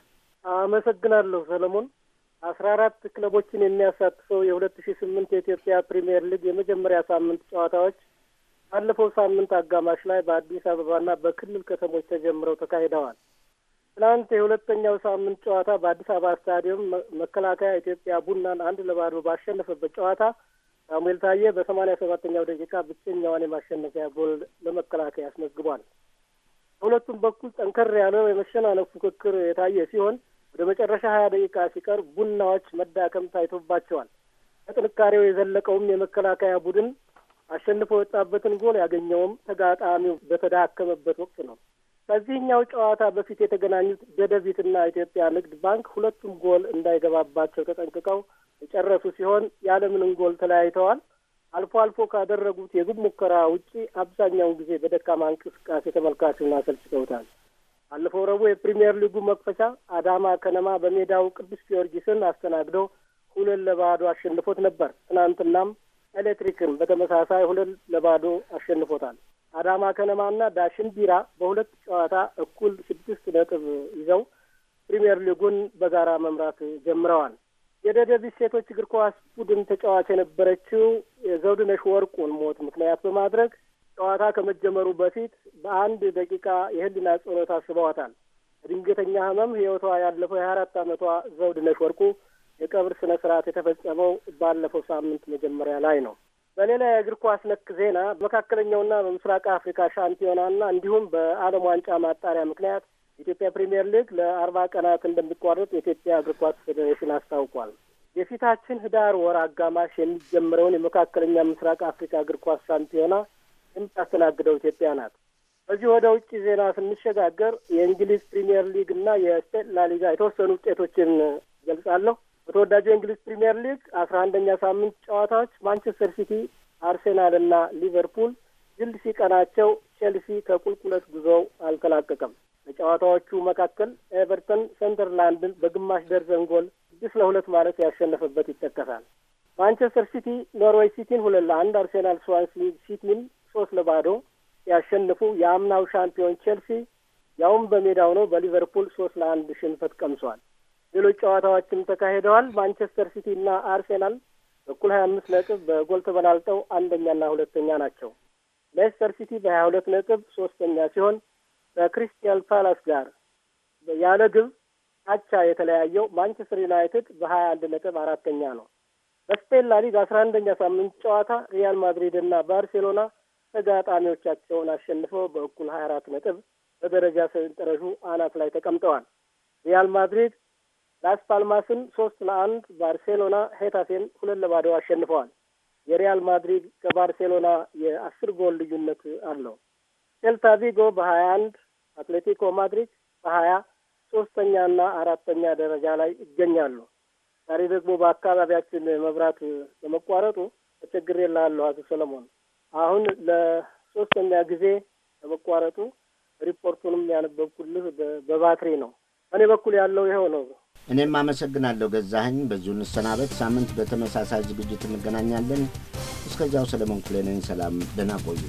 [SPEAKER 10] አመሰግናለሁ ሰለሞን። አስራ አራት ክለቦችን የሚያሳትፈው የሁለት ሺ ስምንት የኢትዮጵያ ፕሪምየር ሊግ የመጀመሪያ ሳምንት ጨዋታዎች ባለፈው ሳምንት አጋማሽ ላይ በአዲስ አበባና በክልል ከተሞች ተጀምረው ተካሂደዋል። ትናንት የሁለተኛው ሳምንት ጨዋታ በአዲስ አበባ ስታዲየም መከላከያ ኢትዮጵያ ቡናን አንድ ለባዶ ባሸነፈበት ጨዋታ ሳሙኤል ታዬ በሰማኒያ ሰባተኛው ደቂቃ ብቸኛዋን የማሸነፊያ ጎል ለመከላከያ አስመዝግቧል። በሁለቱም በኩል ጠንከር ያለ የመሸናነፍ ፉክክር የታየ ሲሆን ወደ መጨረሻ ሀያ ደቂቃ ሲቀር ቡናዎች መዳከም ታይቶባቸዋል። ከጥንካሬው የዘለቀውም የመከላከያ ቡድን አሸንፎ የወጣበትን ጎል ያገኘውም ተጋጣሚው በተዳከመበት ወቅት ነው። በዚህኛው ጨዋታ በፊት የተገናኙት ደደቢትና ኢትዮጵያ ንግድ ባንክ ሁለቱም ጎል እንዳይገባባቸው ተጠንቅቀው የጨረሱ ሲሆን ያለምንም ጎል ተለያይተዋል። አልፎ አልፎ ካደረጉት የግብ ሙከራ ውጪ አብዛኛውን ጊዜ በደካማ እንቅስቃሴ ተመልካቹን አሰልችተውታል። ባለፈው ረቡዕ የፕሪምየር ሊጉ መክፈቻ አዳማ ከነማ በሜዳው ቅዱስ ጊዮርጊስን አስተናግዶ ሁለት ለባዶ አሸንፎት ነበር። ትናንትናም ኤሌክትሪክን በተመሳሳይ ሁለት ለባዶ አሸንፎታል። አዳማ ከነማና ዳሽን ቢራ በሁለት ጨዋታ እኩል ስድስት ነጥብ ይዘው ፕሪምየር ሊጉን በጋራ መምራት ጀምረዋል። የደደቢት ሴቶች እግር ኳስ ቡድን ተጫዋች የነበረችው የዘውድነሽ ወርቁን ሞት ምክንያት በማድረግ ጨዋታ ከመጀመሩ በፊት በአንድ ደቂቃ የህልና ጸሎት አስበዋታል። ድንገተኛ ህመም ሕይወቷ ያለፈው የሀያ አራት አመቷ ዘውድነሽ ወርቁ የቀብር ስነ ስርዓት የተፈጸመው ባለፈው ሳምንት መጀመሪያ ላይ ነው። በሌላ የእግር ኳስ ነክ ዜና በመካከለኛውና በምስራቅ አፍሪካ ሻምፒዮናና እንዲሁም በዓለም ዋንጫ ማጣሪያ ምክንያት የኢትዮጵያ ፕሪምየር ሊግ ለአርባ ቀናት እንደሚቋረጥ የኢትዮጵያ እግር ኳስ ፌዴሬሽን አስታውቋል። የፊታችን ህዳር ወር አጋማሽ የሚጀምረውን የመካከለኛ ምስራቅ አፍሪካ እግር ኳስ ሻምፒዮና የምታስተናግደው ኢትዮጵያ ናት። በዚህ ወደ ውጭ ዜና ስንሸጋገር የእንግሊዝ ፕሪምየር ሊግ እና የስፔን ላሊጋ የተወሰኑ ውጤቶችን ገልጻለሁ። በተወዳጁ የእንግሊዝ ፕሪምየር ሊግ አስራ አንደኛ ሳምንት ጨዋታዎች ማንቸስተር ሲቲ፣ አርሴናል እና ሊቨርፑል ድል ሲቀናቸው ቼልሲ ከቁልቁለት ጉዞው አልተላቀቀም። በጨዋታዎቹ መካከል ኤቨርተን ሰንደርላንድን በግማሽ ደርዘን ጎል ስድስት ለሁለት ማለት ያሸነፈበት ይጠቀሳል። ማንቸስተር ሲቲ ኖርዌይ ሲቲን ሁለት ለአንድ፣ አርሴናል ስዋንሲ ሲቲን ሶስት ለባዶ ያሸንፉ የአምናው ሻምፒዮን ቼልሲ ያውም በሜዳው ነው በሊቨርፑል ሶስት ለአንድ ሽንፈት ቀምሷል። ሌሎች ጨዋታዎችም ተካሂደዋል። ማንቸስተር ሲቲ እና አርሴናል በኩል ሀያ አምስት ነጥብ በጎል ተበላልጠው አንደኛና ሁለተኛ ናቸው። ሌስተር ሲቲ በሀያ ሁለት ነጥብ ሶስተኛ ሲሆን ከክሪስታል ፓላስ ጋር ያለ ግብ አቻ የተለያየው ማንቸስተር ዩናይትድ በሀያ አንድ ነጥብ አራተኛ ነው። በስፔን ላሊግ አስራ አንደኛ ሳምንት ጨዋታ ሪያል ማድሪድ እና ባርሴሎና ተጋጣሚዎቻቸውን አሸንፈው በእኩል ሀያ አራት ነጥብ በደረጃ ሰንጠረዡ አናት ላይ ተቀምጠዋል። ሪያል ማድሪድ ላስ ፓልማስን ሶስት ለአንድ፣ ባርሴሎና ሄታፌን ሁለት ለባዶ አሸንፈዋል። የሪያል ማድሪድ ከባርሴሎና የአስር ጎል ልዩነት አለው። ሴልታ ቪጎ በሀያ አንድ አትሌቲኮ ማድሪድ በሀያ ሶስተኛና አራተኛ ደረጃ ላይ ይገኛሉ። ዛሬ ደግሞ በአካባቢያችን መብራት በመቋረጡ ተቸግሬ ላለሁ አቶ ሰለሞን አሁን ለሶስተኛ ጊዜ በመቋረጡ ሪፖርቱንም ያነበብኩልህ በባትሪ ነው። እኔ በኩል ያለው ይኸው
[SPEAKER 5] ነው። እኔም አመሰግናለሁ ገዛኸኝ። በዚሁ እንሰናበት። ሳምንት በተመሳሳይ ዝግጅት እንገናኛለን። እስከዚያው ሰለሞን ክፍሌ ነኝ። ሰላም፣ ደህና ቆዩ።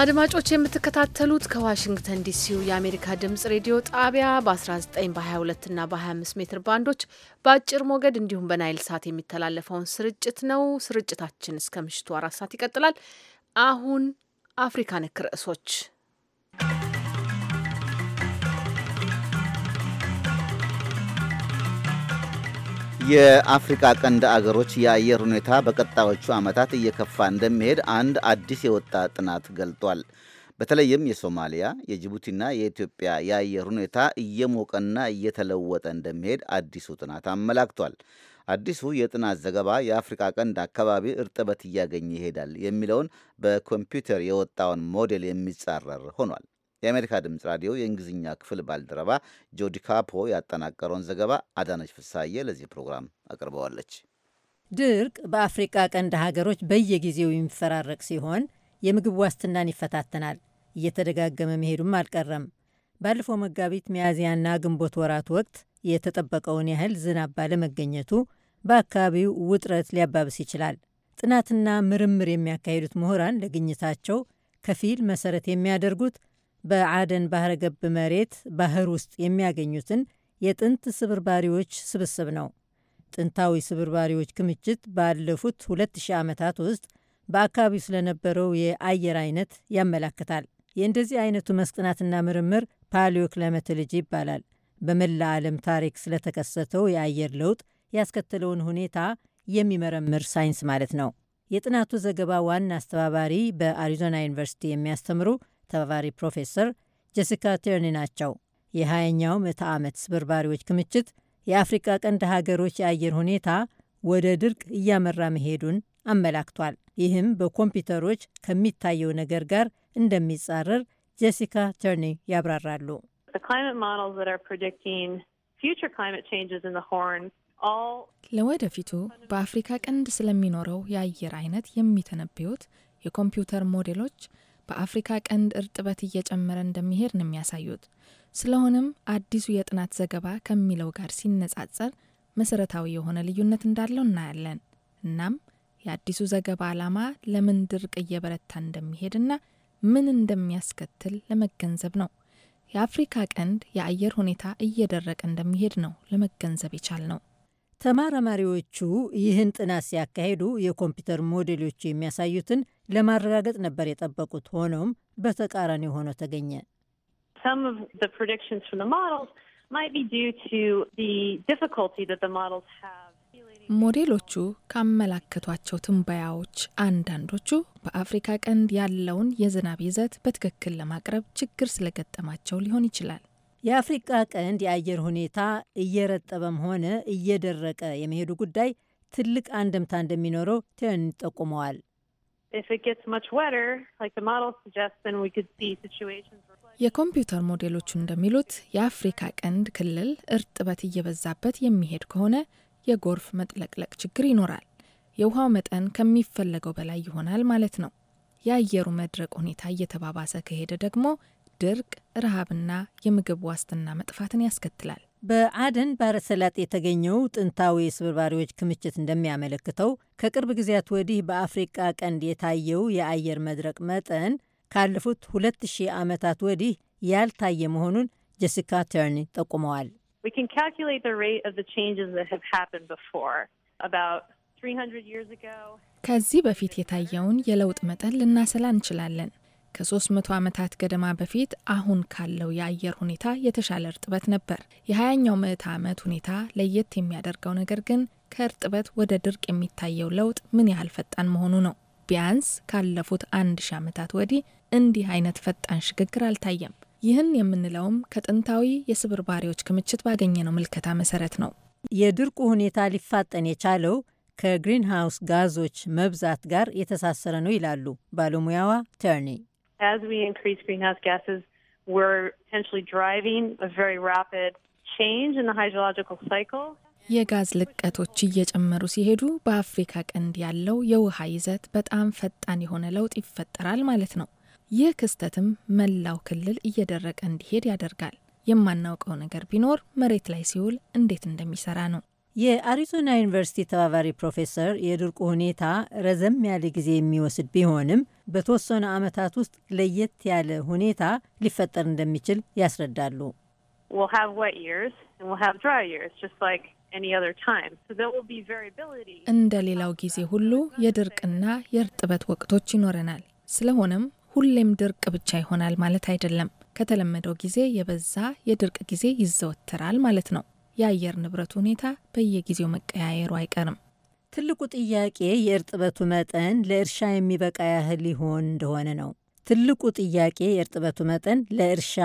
[SPEAKER 1] አድማጮች የምትከታተሉት ከዋሽንግተን ዲሲው የአሜሪካ ድምጽ ሬዲዮ ጣቢያ በ19 በ22 እና በ25 ሜትር ባንዶች በአጭር ሞገድ እንዲሁም በናይል ሳት የሚተላለፈውን ስርጭት ነው። ስርጭታችን እስከ ምሽቱ አራት ሰዓት ይቀጥላል። አሁን አፍሪካ ነክ ርዕሶች
[SPEAKER 2] የአፍሪካ ቀንድ አገሮች የአየር ሁኔታ በቀጣዮቹ ዓመታት እየከፋ እንደሚሄድ አንድ አዲስ የወጣ ጥናት ገልጧል። በተለይም የሶማሊያ የጅቡቲና የኢትዮጵያ የአየር ሁኔታ እየሞቀና እየተለወጠ እንደሚሄድ አዲሱ ጥናት አመላክቷል። አዲሱ የጥናት ዘገባ የአፍሪካ ቀንድ አካባቢ እርጥበት እያገኘ ይሄዳል የሚለውን በኮምፒውተር የወጣውን ሞዴል የሚጻረር ሆኗል። የአሜሪካ ድምፅ ራዲዮ የእንግሊዝኛ ክፍል ባልደረባ ጆዲ ካፖ ያጠናቀረውን ዘገባ አዳነች ፍሳዬ ለዚህ ፕሮግራም አቅርበዋለች።
[SPEAKER 8] ድርቅ በአፍሪቃ ቀንድ ሀገሮች በየጊዜው የሚፈራረቅ ሲሆን የምግብ ዋስትናን ይፈታተናል። እየተደጋገመ መሄዱም አልቀረም። ባለፈው መጋቢት ሚያዝያና ግንቦት ወራት ወቅት የተጠበቀውን ያህል ዝናብ ባለመገኘቱ በአካባቢው ውጥረት ሊያባብስ ይችላል። ጥናትና ምርምር የሚያካሂዱት ምሁራን ለግኝታቸው ከፊል መሰረት የሚያደርጉት በአደን ባህረ ገብ መሬት ባህር ውስጥ የሚያገኙትን የጥንት ስብርባሪዎች ስብስብ ነው። ጥንታዊ ስብርባሪዎች ክምችት ባለፉት 2000 ዓመታት ውስጥ በአካባቢው ስለነበረው የአየር አይነት ያመላክታል። የእንደዚህ አይነቱ መስጥናትና ምርምር ፓሊዮ ይባላል። በመላ ዓለም ታሪክ ስለተከሰተው የአየር ለውጥ ያስከተለውን ሁኔታ የሚመረምር ሳይንስ ማለት ነው። የጥናቱ ዘገባ ዋና አስተባባሪ በአሪዞና ዩኒቨርሲቲ የሚያስተምሩ ተባባሪ ፕሮፌሰር ጀሲካ ተርኒ ናቸው። 2 ኛው ምዕተ ዓመት ስብርባሪዎች ክምችት የአፍሪቃ ቀንድ ሀገሮች የአየር ሁኔታ ወደ ድርቅ እያመራ መሄዱን አመላክቷል። ይህም በኮምፒውተሮች ከሚታየው ነገር ጋር እንደሚጻረር ጄሲካ ተርኒ ያብራራሉ።
[SPEAKER 11] ለወደፊቱ በአፍሪካ ቀንድ ስለሚኖረው የአየር አይነት የሚተነብዩት የኮምፒውተር ሞዴሎች በአፍሪካ ቀንድ እርጥበት እየጨመረ እንደሚሄድ ነው የሚያሳዩት። ስለሆነም አዲሱ የጥናት ዘገባ ከሚለው ጋር ሲነጻጸር መሰረታዊ የሆነ ልዩነት እንዳለው እናያለን። እናም የአዲሱ ዘገባ ዓላማ ለምን ድርቅ እየበረታ እንደሚሄድና ምን እንደሚያስከትል ለመገንዘብ ነው። የአፍሪካ ቀንድ የአየር ሁኔታ እየደረቀ እንደሚሄድ ነው ለመገንዘብ የቻል ነው።
[SPEAKER 8] ተማራማሪዎቹ ይህን ጥናት ሲያካሂዱ የኮምፒውተር ሞዴሎቹ የሚያሳዩትን ለማረጋገጥ ነበር የጠበቁት። ሆኖም በተቃራኒ ሆኖ ተገኘ።
[SPEAKER 11] ሞዴሎቹ ካመላከቷቸው ትንበያዎች አንዳንዶቹ በአፍሪካ ቀንድ ያለውን የዝናብ ይዘት በትክክል ለማቅረብ ችግር ስለገጠማቸው ሊሆን ይችላል።
[SPEAKER 8] የአፍሪቃ ቀንድ የአየር ሁኔታ እየረጠበም ሆነ እየደረቀ የመሄዱ ጉዳይ ትልቅ አንድምታ እንደሚኖረው ትን ጠቁመዋል። የኮምፒውተር ሞዴሎቹ
[SPEAKER 11] እንደሚሉት የአፍሪካ ቀንድ ክልል እርጥበት እየበዛበት የሚሄድ ከሆነ የጎርፍ መጥለቅለቅ ችግር ይኖራል። የውሃው መጠን ከሚፈለገው በላይ ይሆናል ማለት ነው። የአየሩ መድረቅ ሁኔታ እየተባባሰ ከሄደ ደግሞ ድርቅ፣ ረሃብና የምግብ ዋስትና መጥፋትን ያስከትላል።
[SPEAKER 8] በአደን ባረሰላጤ የተገኘው ጥንታዊ የስብርባሪዎች ክምችት እንደሚያመለክተው ከቅርብ ጊዜያት ወዲህ በአፍሪቃ ቀንድ የታየው የአየር መድረቅ መጠን ካለፉት 2000 ዓመታት ወዲህ ያልታየ መሆኑን ጀሲካ ተርኒ ጠቁመዋል።
[SPEAKER 11] ከዚህ በፊት የታየውን የለውጥ መጠን ልናሰላ እንችላለን። ከ300 ዓመታት ገደማ በፊት አሁን ካለው የአየር ሁኔታ የተሻለ እርጥበት ነበር። የ20ኛው ምዕተ ዓመት ሁኔታ ለየት የሚያደርገው ነገር ግን ከእርጥበት ወደ ድርቅ የሚታየው ለውጥ ምን ያህል ፈጣን መሆኑ ነው። ቢያንስ ካለፉት አንድ ሺህ ዓመታት ወዲህ እንዲህ አይነት ፈጣን ሽግግር አልታየም። ይህን የምንለውም ከጥንታዊ የስብር ባሪዎች ክምችት ባገኘነው ምልከታ መሰረት ነው።
[SPEAKER 8] የድርቁ ሁኔታ ሊፋጠን የቻለው ከግሪንሃውስ ጋዞች መብዛት ጋር የተሳሰረ ነው ይላሉ ባለሙያዋ ተርኒ።
[SPEAKER 12] as we increase greenhouse gases, we're potentially driving a very rapid change in the hydrological cycle.
[SPEAKER 8] የጋዝ ልቀቶች
[SPEAKER 11] እየጨመሩ ሲሄዱ በአፍሪካ ቀንድ ያለው የውሃ ይዘት በጣም ፈጣን የሆነ ለውጥ ይፈጠራል ማለት ነው። ይህ ክስተትም መላው ክልል እየደረቀ እንዲሄድ ያደርጋል። የማናውቀው ነገር ቢኖር መሬት ላይ ሲውል እንዴት እንደሚሰራ ነው።
[SPEAKER 8] የአሪዞና ዩኒቨርሲቲ ተባባሪ ፕሮፌሰር የድርቁ ሁኔታ ረዘም ያለ ጊዜ የሚወስድ ቢሆንም በተወሰኑ ዓመታት ውስጥ ለየት ያለ ሁኔታ ሊፈጠር እንደሚችል ያስረዳሉ።
[SPEAKER 11] እንደ ሌላው ጊዜ ሁሉ የድርቅና የእርጥበት ወቅቶች ይኖረናል። ስለሆነም ሁሌም ድርቅ ብቻ ይሆናል ማለት አይደለም። ከተለመደው ጊዜ የበዛ የድርቅ ጊዜ ይዘወተራል ማለት ነው። የአየር ንብረት ሁኔታ በየጊዜው መቀያየሩ አይቀርም።
[SPEAKER 8] ትልቁ ጥያቄ የእርጥበቱ መጠን ለእርሻ የሚበቃ ያህል ሊሆን እንደሆነ ነው። ትልቁ ጥያቄ የእርጥበቱ መጠን ለእርሻ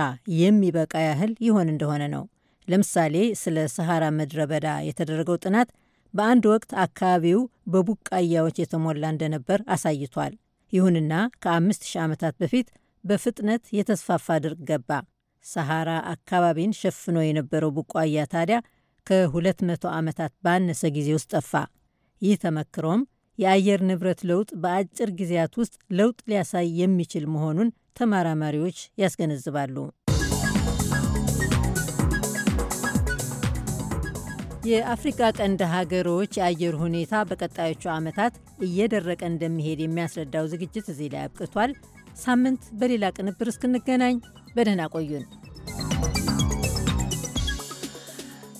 [SPEAKER 8] የሚበቃ ያህል ይሆን እንደሆነ ነው። ለምሳሌ ስለ ሰሐራ ምድረ በዳ የተደረገው ጥናት በአንድ ወቅት አካባቢው በቡቃያዎች የተሞላ እንደነበር አሳይቷል። ይሁንና ከአምስት ሺህ ዓመታት በፊት በፍጥነት የተስፋፋ ድርቅ ገባ። ሰሐራ አካባቢን ሸፍኖ የነበረው ቡቋያ ታዲያ ከ200 ዓመታት ባነሰ ጊዜ ውስጥ ጠፋ። ይህ ተመክሮም የአየር ንብረት ለውጥ በአጭር ጊዜያት ውስጥ ለውጥ ሊያሳይ የሚችል መሆኑን ተመራማሪዎች ያስገነዝባሉ። የአፍሪቃ ቀንድ ሀገሮች የአየር ሁኔታ በቀጣዮቹ ዓመታት እየደረቀ እንደሚሄድ የሚያስረዳው ዝግጅት እዚህ ላይ አብቅቷል። ሳምንት በሌላ ቅንብር እስክንገናኝ በደህና ቆዩን።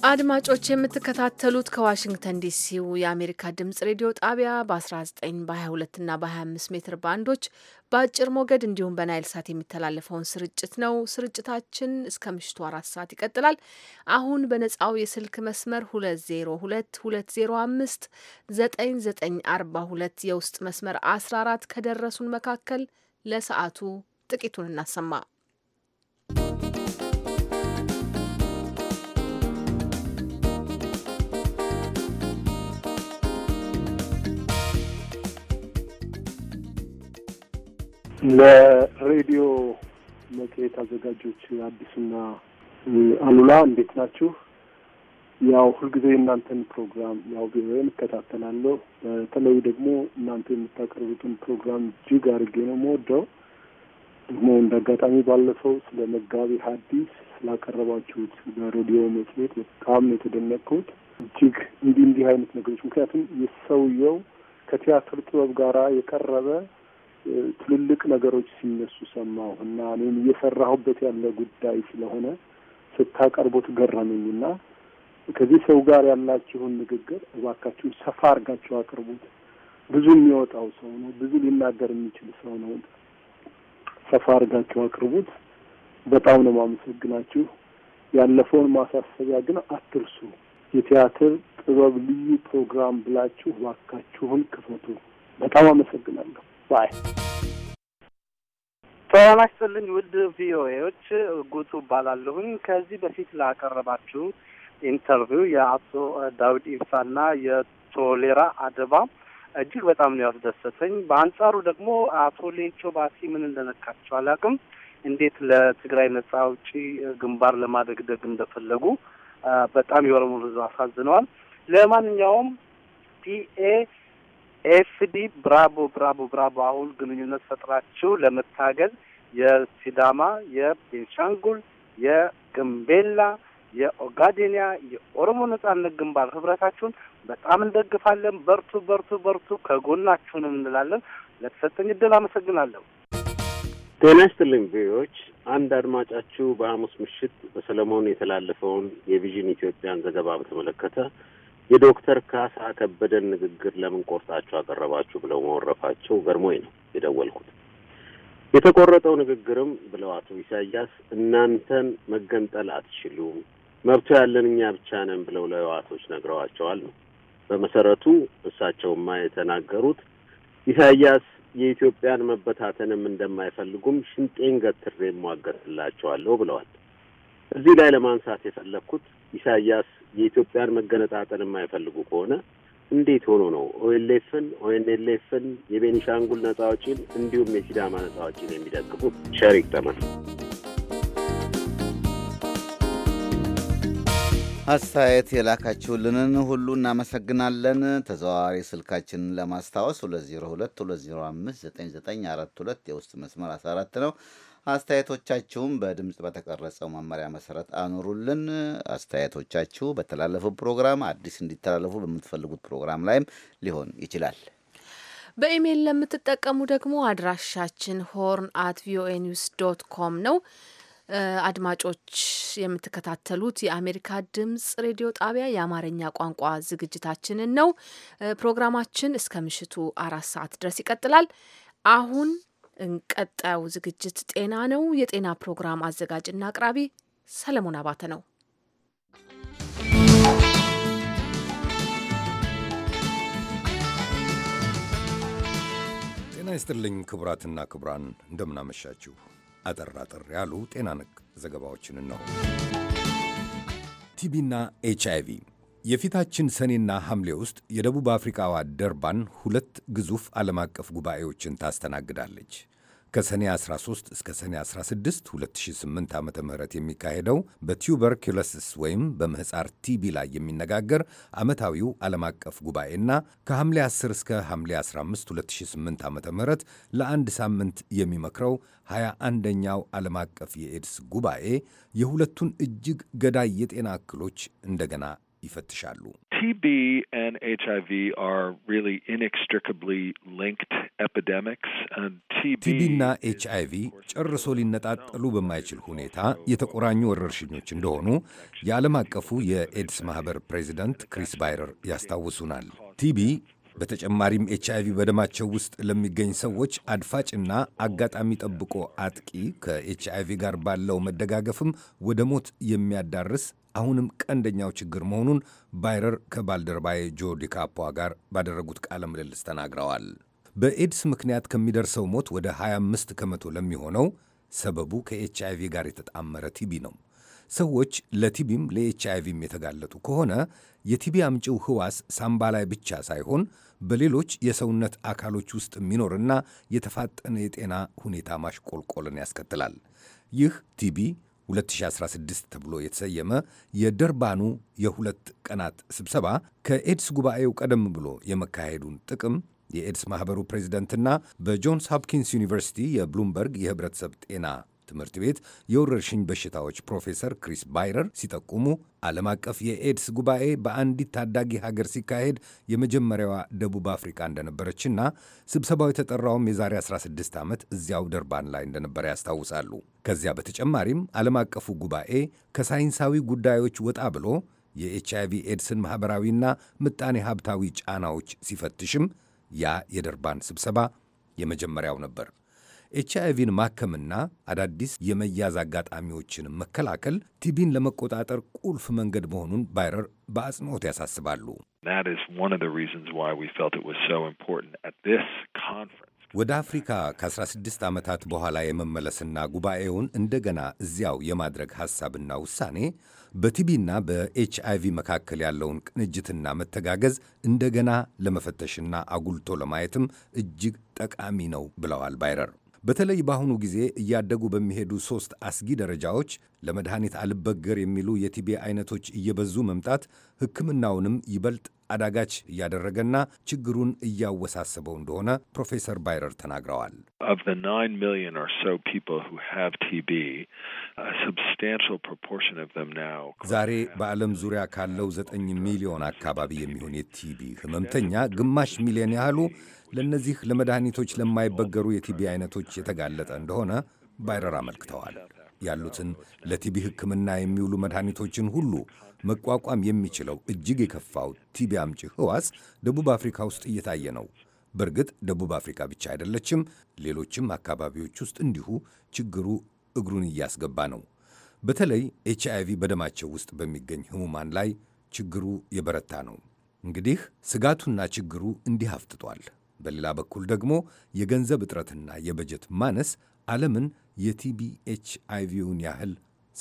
[SPEAKER 8] አድማጮች የምትከታተሉት ከዋሽንግተን
[SPEAKER 1] ዲሲው የአሜሪካ ድምጽ ሬዲዮ ጣቢያ በ19 በ22 እና በ25 ሜትር ባንዶች በአጭር ሞገድ እንዲሁም በናይል ሳት የሚተላለፈውን ስርጭት ነው። ስርጭታችን እስከ ምሽቱ አራት ሰዓት ይቀጥላል። አሁን በነጻው የስልክ መስመር 2022059942 የውስጥ መስመር 14 ከደረሱን መካከል ለሰዓቱ ጥቂቱን እናሰማ።
[SPEAKER 9] ለሬዲዮ መጽሔት አዘጋጆች አዲሱና አሉላ እንዴት ናችሁ? ያው ሁልጊዜ እናንተን ፕሮግራም ያው ቢሆን እከታተላለሁ። በተለይ ደግሞ እናንተ የምታቀርቡትን ፕሮግራም እጅግ አድርጌ ነው የምወደው። ደግሞ እንደ አጋጣሚ ባለፈው ስለ መጋቢ ሐዲስ ስላቀረባችሁት በሬዲዮ መጽሔት በጣም የተደነቅኩት እጅግ እንዲህ እንዲህ አይነት ነገሮች ምክንያቱም የሰውየው ከቲያትር ጥበብ ጋራ የቀረበ ትልልቅ ነገሮች ሲነሱ ሰማሁ እና እኔም እየሰራሁበት ያለ ጉዳይ ስለሆነ ስታቀርቡት ገረመኝ እና ከዚህ ሰው ጋር ያላችሁን ንግግር እባካችሁ ሰፋ አድርጋችሁ አቅርቡት። ብዙ የሚወጣው ሰው ነው፣ ብዙ ሊናገር የሚችል ሰው ነው። ሰፋ አድርጋችሁ አቅርቡት። በጣም ነው ማመሰግናችሁ። ያለፈውን ማሳሰቢያ ግን አትርሱ። የቲያትር ጥበብ ልዩ ፕሮግራም ብላችሁ እባካችሁን ክፈቱ። በጣም አመሰግናለሁ። ባይ ጤና ይስጥልኝ ውድ ቪኦኤዎች፣ ጉቱ እባላለሁኝ። ከዚህ በፊት ላቀረባችሁ ኢንተርቪው የአቶ ዳዊድ ኢብሳና የቶሌራ አደባ እጅግ በጣም ነው ያስደሰተኝ። በአንጻሩ ደግሞ አቶ ሌንቾ ባሲ ምን እንደነካቸው አላውቅም፣ እንዴት ለትግራይ ነጻ አውጪ ግንባር ለማደግደግ እንደፈለጉ በጣም የኦሮሞ ህዝብ አሳዝነዋል። ለማንኛውም ፒኤ ኤፍዲ ብራቦ ብራቦ ብራቦ አሁን ግንኙነት ፈጥራችሁ ለመታገል የሲዳማ፣ የቤንሻንጉል፣ የግምቤላ፣ የኦጋዴንያ የኦሮሞ ነጻነት ግንባር ህብረታችሁን በጣም እንደግፋለን። በርቱ በርቱ በርቱ፣ ከጎናችሁንም እንላለን። ለተሰጠኝ እድል አመሰግናለሁ። ጤና ይስጥልኝ ቪዎች አንድ አድማጫችሁ በሐሙስ ምሽት በሰለሞን የተላለፈውን የቪዥን ኢትዮጵያን ዘገባ በተመለከተ የዶክተር ካሳ ከበደን ንግግር ለምን ቆርጣችሁ አቀረባችሁ ብለው መወረፋቸው ገርሞኝ ነው የደወልኩት። የተቆረጠው ንግግርም ብለው አቶ ኢሳያስ እናንተን መገንጠል አትችሉም፣ መብቶ ያለን እኛ ብቻ ነን ብለው ለህዋቶች ነግረዋቸዋል ነው። በመሰረቱ እሳቸውማ የተናገሩት ኢሳያስ የኢትዮጵያን መበታተንም እንደማይፈልጉም ሽንጤን ገትሬ እሟገትላቸዋለሁ ብለዋል። እዚህ ላይ ለማንሳት የፈለግኩት ኢሳያስ የኢትዮጵያን መገነጣጠል የማይፈልጉ ከሆነ እንዴት ሆኖ ነው ኦኤልኤፍን ኦኤንኤልኤፍን የቤኒሻንጉል ነጻ አውጪን እንዲሁም የሲዳማ ነጻ አውጪን የሚደግፉት? ሸሪክ ተመን
[SPEAKER 2] አስተያየት የላካችሁልንን ሁሉ እናመሰግናለን። ተዘዋዋሪ ስልካችንን ለማስታወስ 202 205 የውስጥ መስመር 14 ነው። አስተያየቶቻችሁም በድምፅ በተቀረጸው መመሪያ መሰረት አኑሩልን። አስተያየቶቻችሁ በተላለፉ ፕሮግራም አዲስ እንዲተላለፉ በምትፈልጉት ፕሮግራም ላይም ሊሆን ይችላል።
[SPEAKER 1] በኢሜይል ለምትጠቀሙ ደግሞ አድራሻችን ሆርን አት ቪኦኤ ኒውስ ዶት ኮም ነው። አድማጮች የምትከታተሉት የአሜሪካ ድምጽ ሬዲዮ ጣቢያ የአማርኛ ቋንቋ ዝግጅታችንን ነው። ፕሮግራማችን እስከ ምሽቱ አራት ሰዓት ድረስ ይቀጥላል። አሁን ቀጣዩ ዝግጅት ጤና ነው። የጤና ፕሮግራም አዘጋጅና አቅራቢ ሰለሞን አባተ ነው።
[SPEAKER 3] ጤና ይስጥልኝ ክቡራትና ክቡራን፣ እንደምናመሻችሁ። አጠር አጠር ያሉ ጤና ነክ ዘገባዎችን ነው። ቲቢና ኤች አይ ቪ የፊታችን ሰኔና ሐምሌ ውስጥ የደቡብ አፍሪካዋ ደርባን ሁለት ግዙፍ ዓለም አቀፍ ጉባኤዎችን ታስተናግዳለች። ከሰኔ 13 እስከ ሰኔ 16 2008 ዓ ም የሚካሄደው በቱበርኪሎስስ ወይም በምህፃር ቲቢ ላይ የሚነጋገር ዓመታዊው ዓለም አቀፍ ጉባኤና ከሐምሌ 10 እስከ ሐምሌ 15 2008 ዓ ም ለአንድ ሳምንት የሚመክረው 21ኛው ዓለም አቀፍ የኤድስ ጉባኤ የሁለቱን እጅግ ገዳይ የጤና እክሎች እንደገና ይፈትሻሉ።
[SPEAKER 9] ቲቢ and
[SPEAKER 3] HIV are really ኤች አይቪ ጨርሶ ሊነጣጠሉ በማይችል ሁኔታ የተቆራኙ ወረርሽኞች እንደሆኑ የዓለም አቀፉ የኤድስ ማህበር ፕሬዚደንት ክሪስ ባይረር ያስታውሱናል። ቲቢ በተጨማሪም ኤች አይቪ በደማቸው ውስጥ ለሚገኝ ሰዎች አድፋጭና አጋጣሚ ጠብቆ አጥቂ ከኤች አይቪ ጋር ባለው መደጋገፍም ወደ ሞት የሚያዳርስ አሁንም ቀንደኛው ችግር መሆኑን ባይረር ከባልደረባዬ ጆ ዲካፖዋ ጋር ባደረጉት ቃለ ምልልስ ተናግረዋል። በኤድስ ምክንያት ከሚደርሰው ሞት ወደ 25 ከመቶ ለሚሆነው ሰበቡ ከኤች አይቪ ጋር የተጣመረ ቲቢ ነው። ሰዎች ለቲቢም ለኤች አይቪም የተጋለጡ ከሆነ የቲቢ አምጪው ህዋስ ሳምባ ላይ ብቻ ሳይሆን በሌሎች የሰውነት አካሎች ውስጥ የሚኖርና የተፋጠነ የጤና ሁኔታ ማሽቆልቆልን ያስከትላል። ይህ ቲቢ 2016 ተብሎ የተሰየመ የደርባኑ የሁለት ቀናት ስብሰባ ከኤድስ ጉባኤው ቀደም ብሎ የመካሄዱን ጥቅም የኤድስ ማኅበሩ ፕሬዚደንትና በጆንስ ሆፕኪንስ ዩኒቨርሲቲ የብሉምበርግ የህብረተሰብ ጤና ትምህርት ቤት የወረርሽኝ በሽታዎች ፕሮፌሰር ክሪስ ባይረር ሲጠቁሙ ዓለም አቀፍ የኤድስ ጉባኤ በአንዲት ታዳጊ ሀገር ሲካሄድ የመጀመሪያዋ ደቡብ አፍሪካ እንደነበረችና ስብሰባው የተጠራውም የዛሬ 16 ዓመት እዚያው ደርባን ላይ እንደነበረ ያስታውሳሉ። ከዚያ በተጨማሪም ዓለም አቀፉ ጉባኤ ከሳይንሳዊ ጉዳዮች ወጣ ብሎ የኤች አይቪ ኤድስን ማኅበራዊና ምጣኔ ሀብታዊ ጫናዎች ሲፈትሽም ያ የደርባን ስብሰባ የመጀመሪያው ነበር። ኤች አይቪን ማከምና አዳዲስ የመያዝ አጋጣሚዎችን መከላከል ቲቢን ለመቆጣጠር ቁልፍ መንገድ መሆኑን ባይረር በአጽንኦት ያሳስባሉ። ወደ አፍሪካ ከ16 ዓመታት በኋላ የመመለስና ጉባኤውን እንደገና እዚያው የማድረግ ሐሳብና ውሳኔ በቲቢና በኤች ቪ መካከል ያለውን ቅንጅትና መተጋገዝ እንደገና ለመፈተሽና አጉልቶ ለማየትም እጅግ ጠቃሚ ነው ብለዋል ባይረር። በተለይ በአሁኑ ጊዜ እያደጉ በሚሄዱ ሦስት አስጊ ደረጃዎች ለመድኃኒት አልበገር የሚሉ የቲቢ አይነቶች እየበዙ መምጣት ሕክምናውንም ይበልጥ አዳጋች እያደረገና ችግሩን እያወሳሰበው እንደሆነ ፕሮፌሰር ባይረር ተናግረዋል። ዛሬ በዓለም ዙሪያ ካለው ዘጠኝ ሚሊዮን አካባቢ የሚሆን የቲቢ ህመምተኛ ግማሽ ሚሊዮን ያህሉ ለእነዚህ ለመድኃኒቶች ለማይበገሩ የቲቢ አይነቶች የተጋለጠ እንደሆነ ባይረር አመልክተዋል። ያሉትን ለቲቢ ሕክምና የሚውሉ መድኃኒቶችን ሁሉ መቋቋም የሚችለው እጅግ የከፋው ቲቢ አምጪ ህዋስ ደቡብ አፍሪካ ውስጥ እየታየ ነው። በእርግጥ ደቡብ አፍሪካ ብቻ አይደለችም። ሌሎችም አካባቢዎች ውስጥ እንዲሁ ችግሩ እግሩን እያስገባ ነው። በተለይ ኤች አይ ቪ በደማቸው ውስጥ በሚገኝ ህሙማን ላይ ችግሩ የበረታ ነው። እንግዲህ ስጋቱና ችግሩ እንዲህ አፍጥጧል። በሌላ በኩል ደግሞ የገንዘብ እጥረትና የበጀት ማነስ ዓለምን የቲቢ ኤች አይቪውን ያህል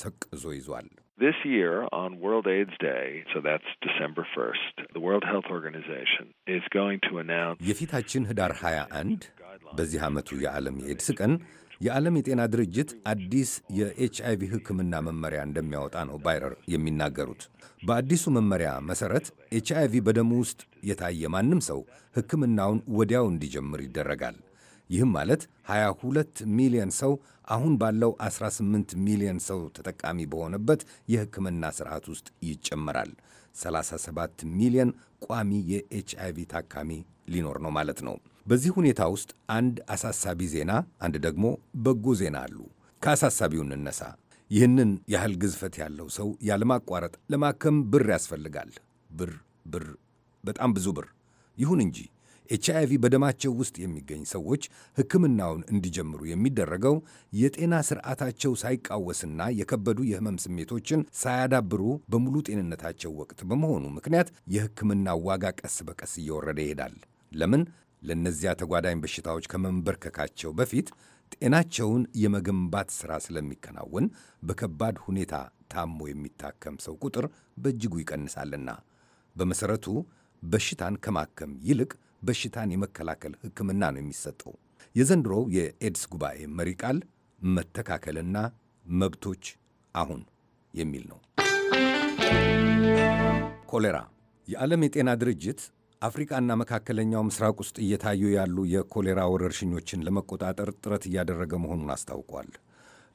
[SPEAKER 3] ሰቅዞ ይዟል።
[SPEAKER 9] This year on World AIDS Day, so that's December 1st, the World Health
[SPEAKER 3] Organization is going to announce የፊታችን ህዳር 21 በዚህ ዓመቱ የዓለም የኤድስ ቀን የዓለም የጤና ድርጅት አዲስ የኤችአይቪ ሕክምና መመሪያ እንደሚያወጣ ነው ባይረር የሚናገሩት። በአዲሱ መመሪያ መሠረት አይቪ በደሙ ውስጥ የታየ ማንም ሰው ሕክምናውን ወዲያው እንዲጀምር ይደረጋል። ይህም ማለት 22 ሚሊዮን ሰው አሁን ባለው 18 ሚሊዮን ሰው ተጠቃሚ በሆነበት የሕክምና ስርዓት ውስጥ ይጨመራል። 37 ሚሊዮን ቋሚ የኤችአይቪ ታካሚ ሊኖር ነው ማለት ነው። በዚህ ሁኔታ ውስጥ አንድ አሳሳቢ ዜና፣ አንድ ደግሞ በጎ ዜና አሉ። ከአሳሳቢው እንነሳ። ይህንን ያህል ግዝፈት ያለው ሰው ያለማቋረጥ ለማከም ብር ያስፈልጋል። ብር ብር፣ በጣም ብዙ ብር። ይሁን እንጂ ኤች አይ ቪ በደማቸው ውስጥ የሚገኝ ሰዎች ሕክምናውን እንዲጀምሩ የሚደረገው የጤና ስርዓታቸው ሳይቃወስና የከበዱ የህመም ስሜቶችን ሳያዳብሩ በሙሉ ጤንነታቸው ወቅት በመሆኑ ምክንያት የሕክምና ዋጋ ቀስ በቀስ እየወረደ ይሄዳል። ለምን? ለእነዚያ ተጓዳኝ በሽታዎች ከመንበርከካቸው በፊት ጤናቸውን የመገንባት ሥራ ስለሚከናወን በከባድ ሁኔታ ታሞ የሚታከም ሰው ቁጥር በእጅጉ ይቀንሳልና በመሠረቱ በሽታን ከማከም ይልቅ በሽታን የመከላከል ሕክምና ነው የሚሰጠው። የዘንድሮው የኤድስ ጉባኤ መሪ ቃል መተካከልና መብቶች አሁን የሚል ነው። ኮሌራ የዓለም የጤና ድርጅት አፍሪቃና መካከለኛው ምስራቅ ውስጥ እየታዩ ያሉ የኮሌራ ወረርሽኞችን ለመቆጣጠር ጥረት እያደረገ መሆኑን አስታውቋል።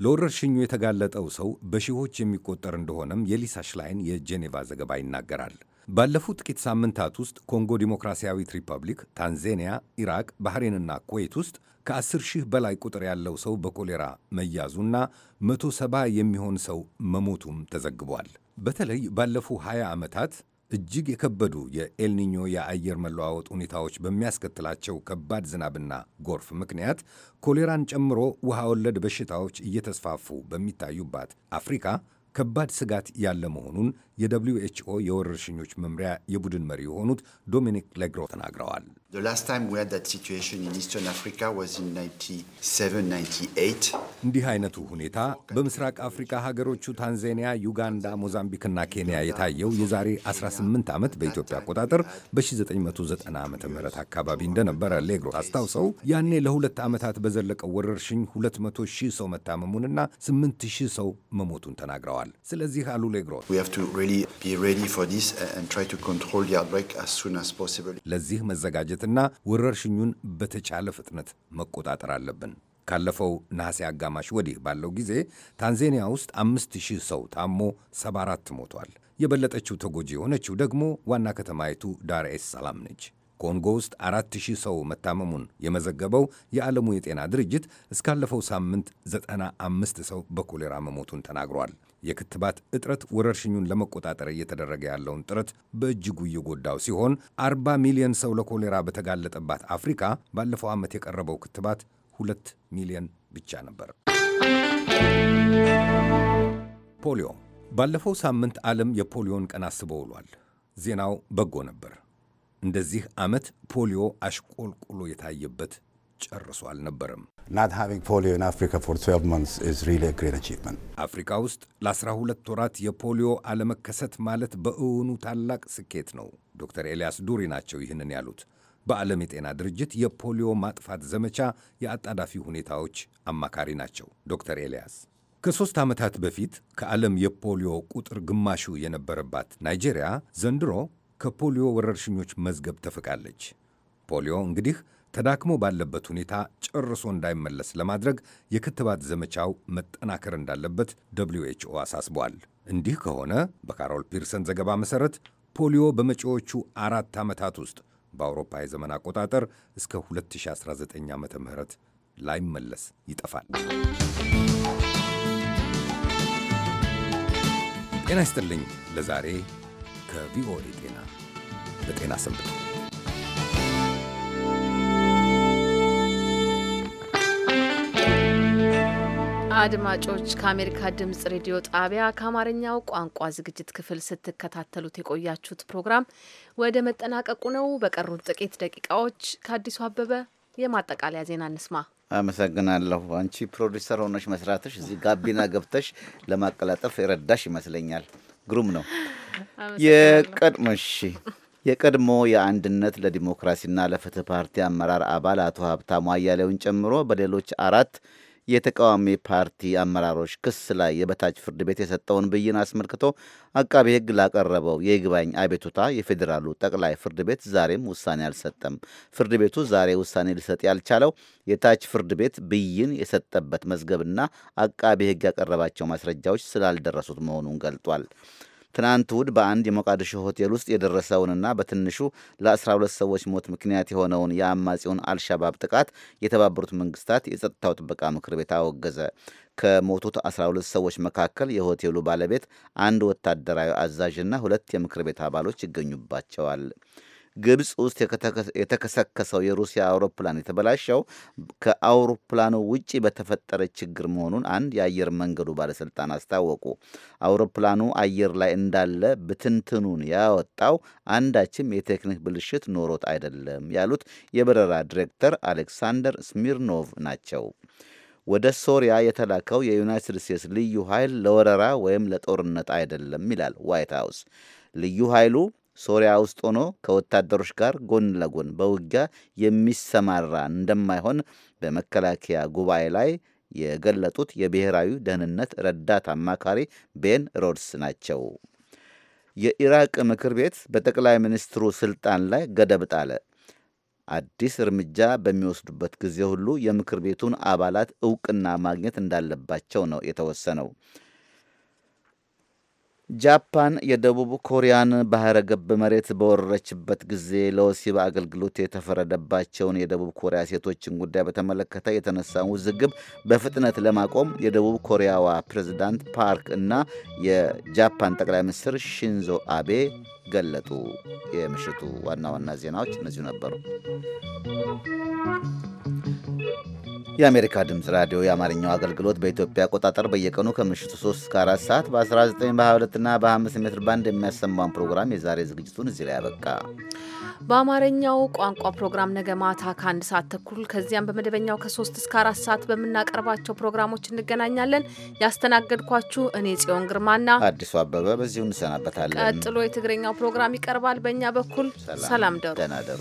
[SPEAKER 3] ለወረርሽኙ የተጋለጠው ሰው በሺዎች የሚቆጠር እንደሆነም የሊሳ ሽላይን የጄኔቫ ዘገባ ይናገራል። ባለፉት ጥቂት ሳምንታት ውስጥ ኮንጎ ዲሞክራሲያዊት ሪፐብሊክ፣ ታንዛኒያ፣ ኢራቅ፣ ባህሬንና ኩዌት ውስጥ ከ10 ሺህ በላይ ቁጥር ያለው ሰው በኮሌራ መያዙና 170 የሚሆን ሰው መሞቱም ተዘግቧል። በተለይ ባለፉ 20 ዓመታት እጅግ የከበዱ የኤልኒኞ የአየር መለዋወጥ ሁኔታዎች በሚያስከትላቸው ከባድ ዝናብና ጎርፍ ምክንያት ኮሌራን ጨምሮ ውሃ ወለድ በሽታዎች እየተስፋፉ በሚታዩባት አፍሪካ ከባድ ስጋት ያለ መሆኑን የደብሊው ኤችኦ የወረርሽኞች መምሪያ የቡድን መሪ የሆኑት ዶሚኒክ ሌግሮ ተናግረዋል። እንዲህ አይነቱ ሁኔታ በምስራቅ አፍሪካ ሀገሮቹ ታንዛኒያ፣ ዩጋንዳ፣ ሞዛምቢክና ኬንያ የታየው የዛሬ 18 ዓመት በኢትዮጵያ አቆጣጠር በ1990 ዓ ም አካባቢ እንደነበረ ሌግሮ አስታውሰው ያኔ ለሁለት ዓመታት በዘለቀው ወረርሽኝ 200 ሺህ ሰው መታመሙንና 8 ሺህ ሰው መሞቱን ተናግረዋል። ስለዚህ አሉ ሌግሮ ለዚህ መዘጋጀትና ወረርሽኙን በተቻለ ፍጥነት መቆጣጠር አለብን። ካለፈው ነሐሴ አጋማሽ ወዲህ ባለው ጊዜ ታንዛኒያ ውስጥ አምስት ሺህ ሰው ታሞ 74 ሞቷል። የበለጠችው ተጎጂ የሆነችው ደግሞ ዋና ከተማይቱ ዳር ኤስ ሰላም ነች። ኮንጎ ውስጥ አራት ሺህ ሰው መታመሙን የመዘገበው የዓለሙ የጤና ድርጅት እስካለፈው ሳምንት ዘጠና አምስት ሰው በኮሌራ መሞቱን ተናግሯል። የክትባት እጥረት ወረርሽኙን ለመቆጣጠር እየተደረገ ያለውን ጥረት በእጅጉ እየጎዳው ሲሆን 40 ሚሊዮን ሰው ለኮሌራ በተጋለጠባት አፍሪካ ባለፈው ዓመት የቀረበው ክትባት 2 ሚሊዮን ብቻ ነበር። ፖሊዮ ባለፈው ሳምንት ዓለም የፖሊዮን ቀን አስበው ውሏል። ዜናው በጎ ነበር። እንደዚህ ዓመት ፖሊዮ አሽቆልቁሎ የታየበት ጨርሶ አልነበረም። አፍሪካ ውስጥ ለ12 ወራት የፖሊዮ አለመከሰት ማለት በእውኑ ታላቅ ስኬት ነው። ዶክተር ኤልያስ ዱሪ ናቸው ይህንን ያሉት። በዓለም የጤና ድርጅት የፖሊዮ ማጥፋት ዘመቻ የአጣዳፊ ሁኔታዎች አማካሪ ናቸው። ዶክተር ኤልያስ ከሦስት ዓመታት በፊት ከዓለም የፖሊዮ ቁጥር ግማሹ የነበረባት ናይጄሪያ ዘንድሮ ከፖሊዮ ወረርሽኞች መዝገብ ተፍቃለች። ፖሊዮ እንግዲህ ተዳክሞ ባለበት ሁኔታ ጨርሶ እንዳይመለስ ለማድረግ የክትባት ዘመቻው መጠናከር እንዳለበት ደብሊው ኤች ኦ አሳስቧል። እንዲህ ከሆነ በካሮል ፒርሰን ዘገባ መሠረት ፖሊዮ በመጪዎቹ አራት ዓመታት ውስጥ በአውሮፓ የዘመን አቆጣጠር እስከ 2019 ዓ ም ላይመለስ ይጠፋል። ጤና ይስጥልኝ። ለዛሬ ከቪኦኤ ጤና በጤና ሰንብት
[SPEAKER 1] አድማጮች ከአሜሪካ ድምጽ ሬዲዮ ጣቢያ ከአማርኛው ቋንቋ ዝግጅት ክፍል ስትከታተሉት የቆያችሁት ፕሮግራም ወደ መጠናቀቁ ነው። በቀሩት ጥቂት ደቂቃዎች ከአዲሱ አበበ የማጠቃለያ ዜና እንስማ።
[SPEAKER 2] አመሰግናለሁ። አንቺ ፕሮዲሰር ሆነሽ መስራትሽ እዚህ ጋቢና ገብተሽ ለማቀላጠፍ የረዳሽ ይመስለኛል። ግሩም ነው። የቀድሞሽ የቀድሞ የአንድነት ለዲሞክራሲና ለፍትህ ፓርቲ አመራር አባል አቶ ሀብታሙ አያሌውን ጨምሮ በሌሎች አራት የተቃዋሚ ፓርቲ አመራሮች ክስ ላይ የበታች ፍርድ ቤት የሰጠውን ብይን አስመልክቶ አቃቢ ሕግ ላቀረበው የይግባኝ አቤቱታ የፌዴራሉ ጠቅላይ ፍርድ ቤት ዛሬም ውሳኔ አልሰጠም። ፍርድ ቤቱ ዛሬ ውሳኔ ሊሰጥ ያልቻለው የታች ፍርድ ቤት ብይን የሰጠበት መዝገብና አቃቢ ሕግ ያቀረባቸው ማስረጃዎች ስላልደረሱት መሆኑን ገልጧል። ትናንት ውድ በአንድ የሞቃዲሾ ሆቴል ውስጥ የደረሰውንና በትንሹ ለ12 ሰዎች ሞት ምክንያት የሆነውን የአማጺውን አልሻባብ ጥቃት የተባበሩት መንግስታት የጸጥታው ጥበቃ ምክር ቤት አወገዘ። ከሞቱት 12 ሰዎች መካከል የሆቴሉ ባለቤት፣ አንድ ወታደራዊ አዛዥና ሁለት የምክር ቤት አባሎች ይገኙባቸዋል። ግብፅ ውስጥ የተከሰከሰው የሩሲያ አውሮፕላን የተበላሸው ከአውሮፕላኑ ውጪ በተፈጠረ ችግር መሆኑን አንድ የአየር መንገዱ ባለስልጣን አስታወቁ። አውሮፕላኑ አየር ላይ እንዳለ ብትንትኑን ያወጣው አንዳችም የቴክኒክ ብልሽት ኖሮት አይደለም ያሉት የበረራ ዲሬክተር አሌክሳንደር ስሚርኖቭ ናቸው። ወደ ሶሪያ የተላከው የዩናይትድ ስቴትስ ልዩ ኃይል ለወረራ ወይም ለጦርነት አይደለም ይላል ዋይት ሀውስ። ልዩ ኃይሉ ሶሪያ ውስጥ ሆኖ ከወታደሮች ጋር ጎን ለጎን በውጊያ የሚሰማራ እንደማይሆን በመከላከያ ጉባኤ ላይ የገለጡት የብሔራዊ ደህንነት ረዳት አማካሪ ቤን ሮድስ ናቸው። የኢራቅ ምክር ቤት በጠቅላይ ሚኒስትሩ ስልጣን ላይ ገደብ ጣለ። አዲስ እርምጃ በሚወስዱበት ጊዜ ሁሉ የምክር ቤቱን አባላት እውቅና ማግኘት እንዳለባቸው ነው የተወሰነው። ጃፓን የደቡብ ኮሪያን ባህረ ገብ መሬት በወረረችበት ጊዜ ለወሲብ አገልግሎት የተፈረደባቸውን የደቡብ ኮሪያ ሴቶችን ጉዳይ በተመለከተ የተነሳውን ውዝግብ በፍጥነት ለማቆም የደቡብ ኮሪያዋ ፕሬዝዳንት ፓርክ እና የጃፓን ጠቅላይ ሚኒስትር ሺንዞ አቤ ገለጡ። የምሽቱ ዋና ዋና ዜናዎች እነዚሁ ነበሩ። የአሜሪካ ድምፅ ራዲዮ የአማርኛው አገልግሎት በኢትዮጵያ አቆጣጠር በየቀኑ ከምሽቱ 3 እስከ 4 ሰዓት በ19 በ22ና በ25 ሜትር ባንድ የሚያሰማውን ፕሮግራም የዛሬ ዝግጅቱን እዚህ ላይ ያበቃ።
[SPEAKER 1] በአማርኛው ቋንቋ ፕሮግራም ነገ ማታ ከአንድ ሰዓት ተኩል ከዚያም በመደበኛው ከ3 እስከ 4 ሰዓት በምናቀርባቸው ፕሮግራሞች እንገናኛለን። ያስተናገድኳችሁ እኔ ጽዮን ግርማና
[SPEAKER 2] አዲሱ አበበ በዚሁ እንሰናበታለን። ቀጥሎ
[SPEAKER 1] የትግረኛው ፕሮግራም ይቀርባል። በእኛ በኩል ሰላም ደሩ
[SPEAKER 2] ደናደሩ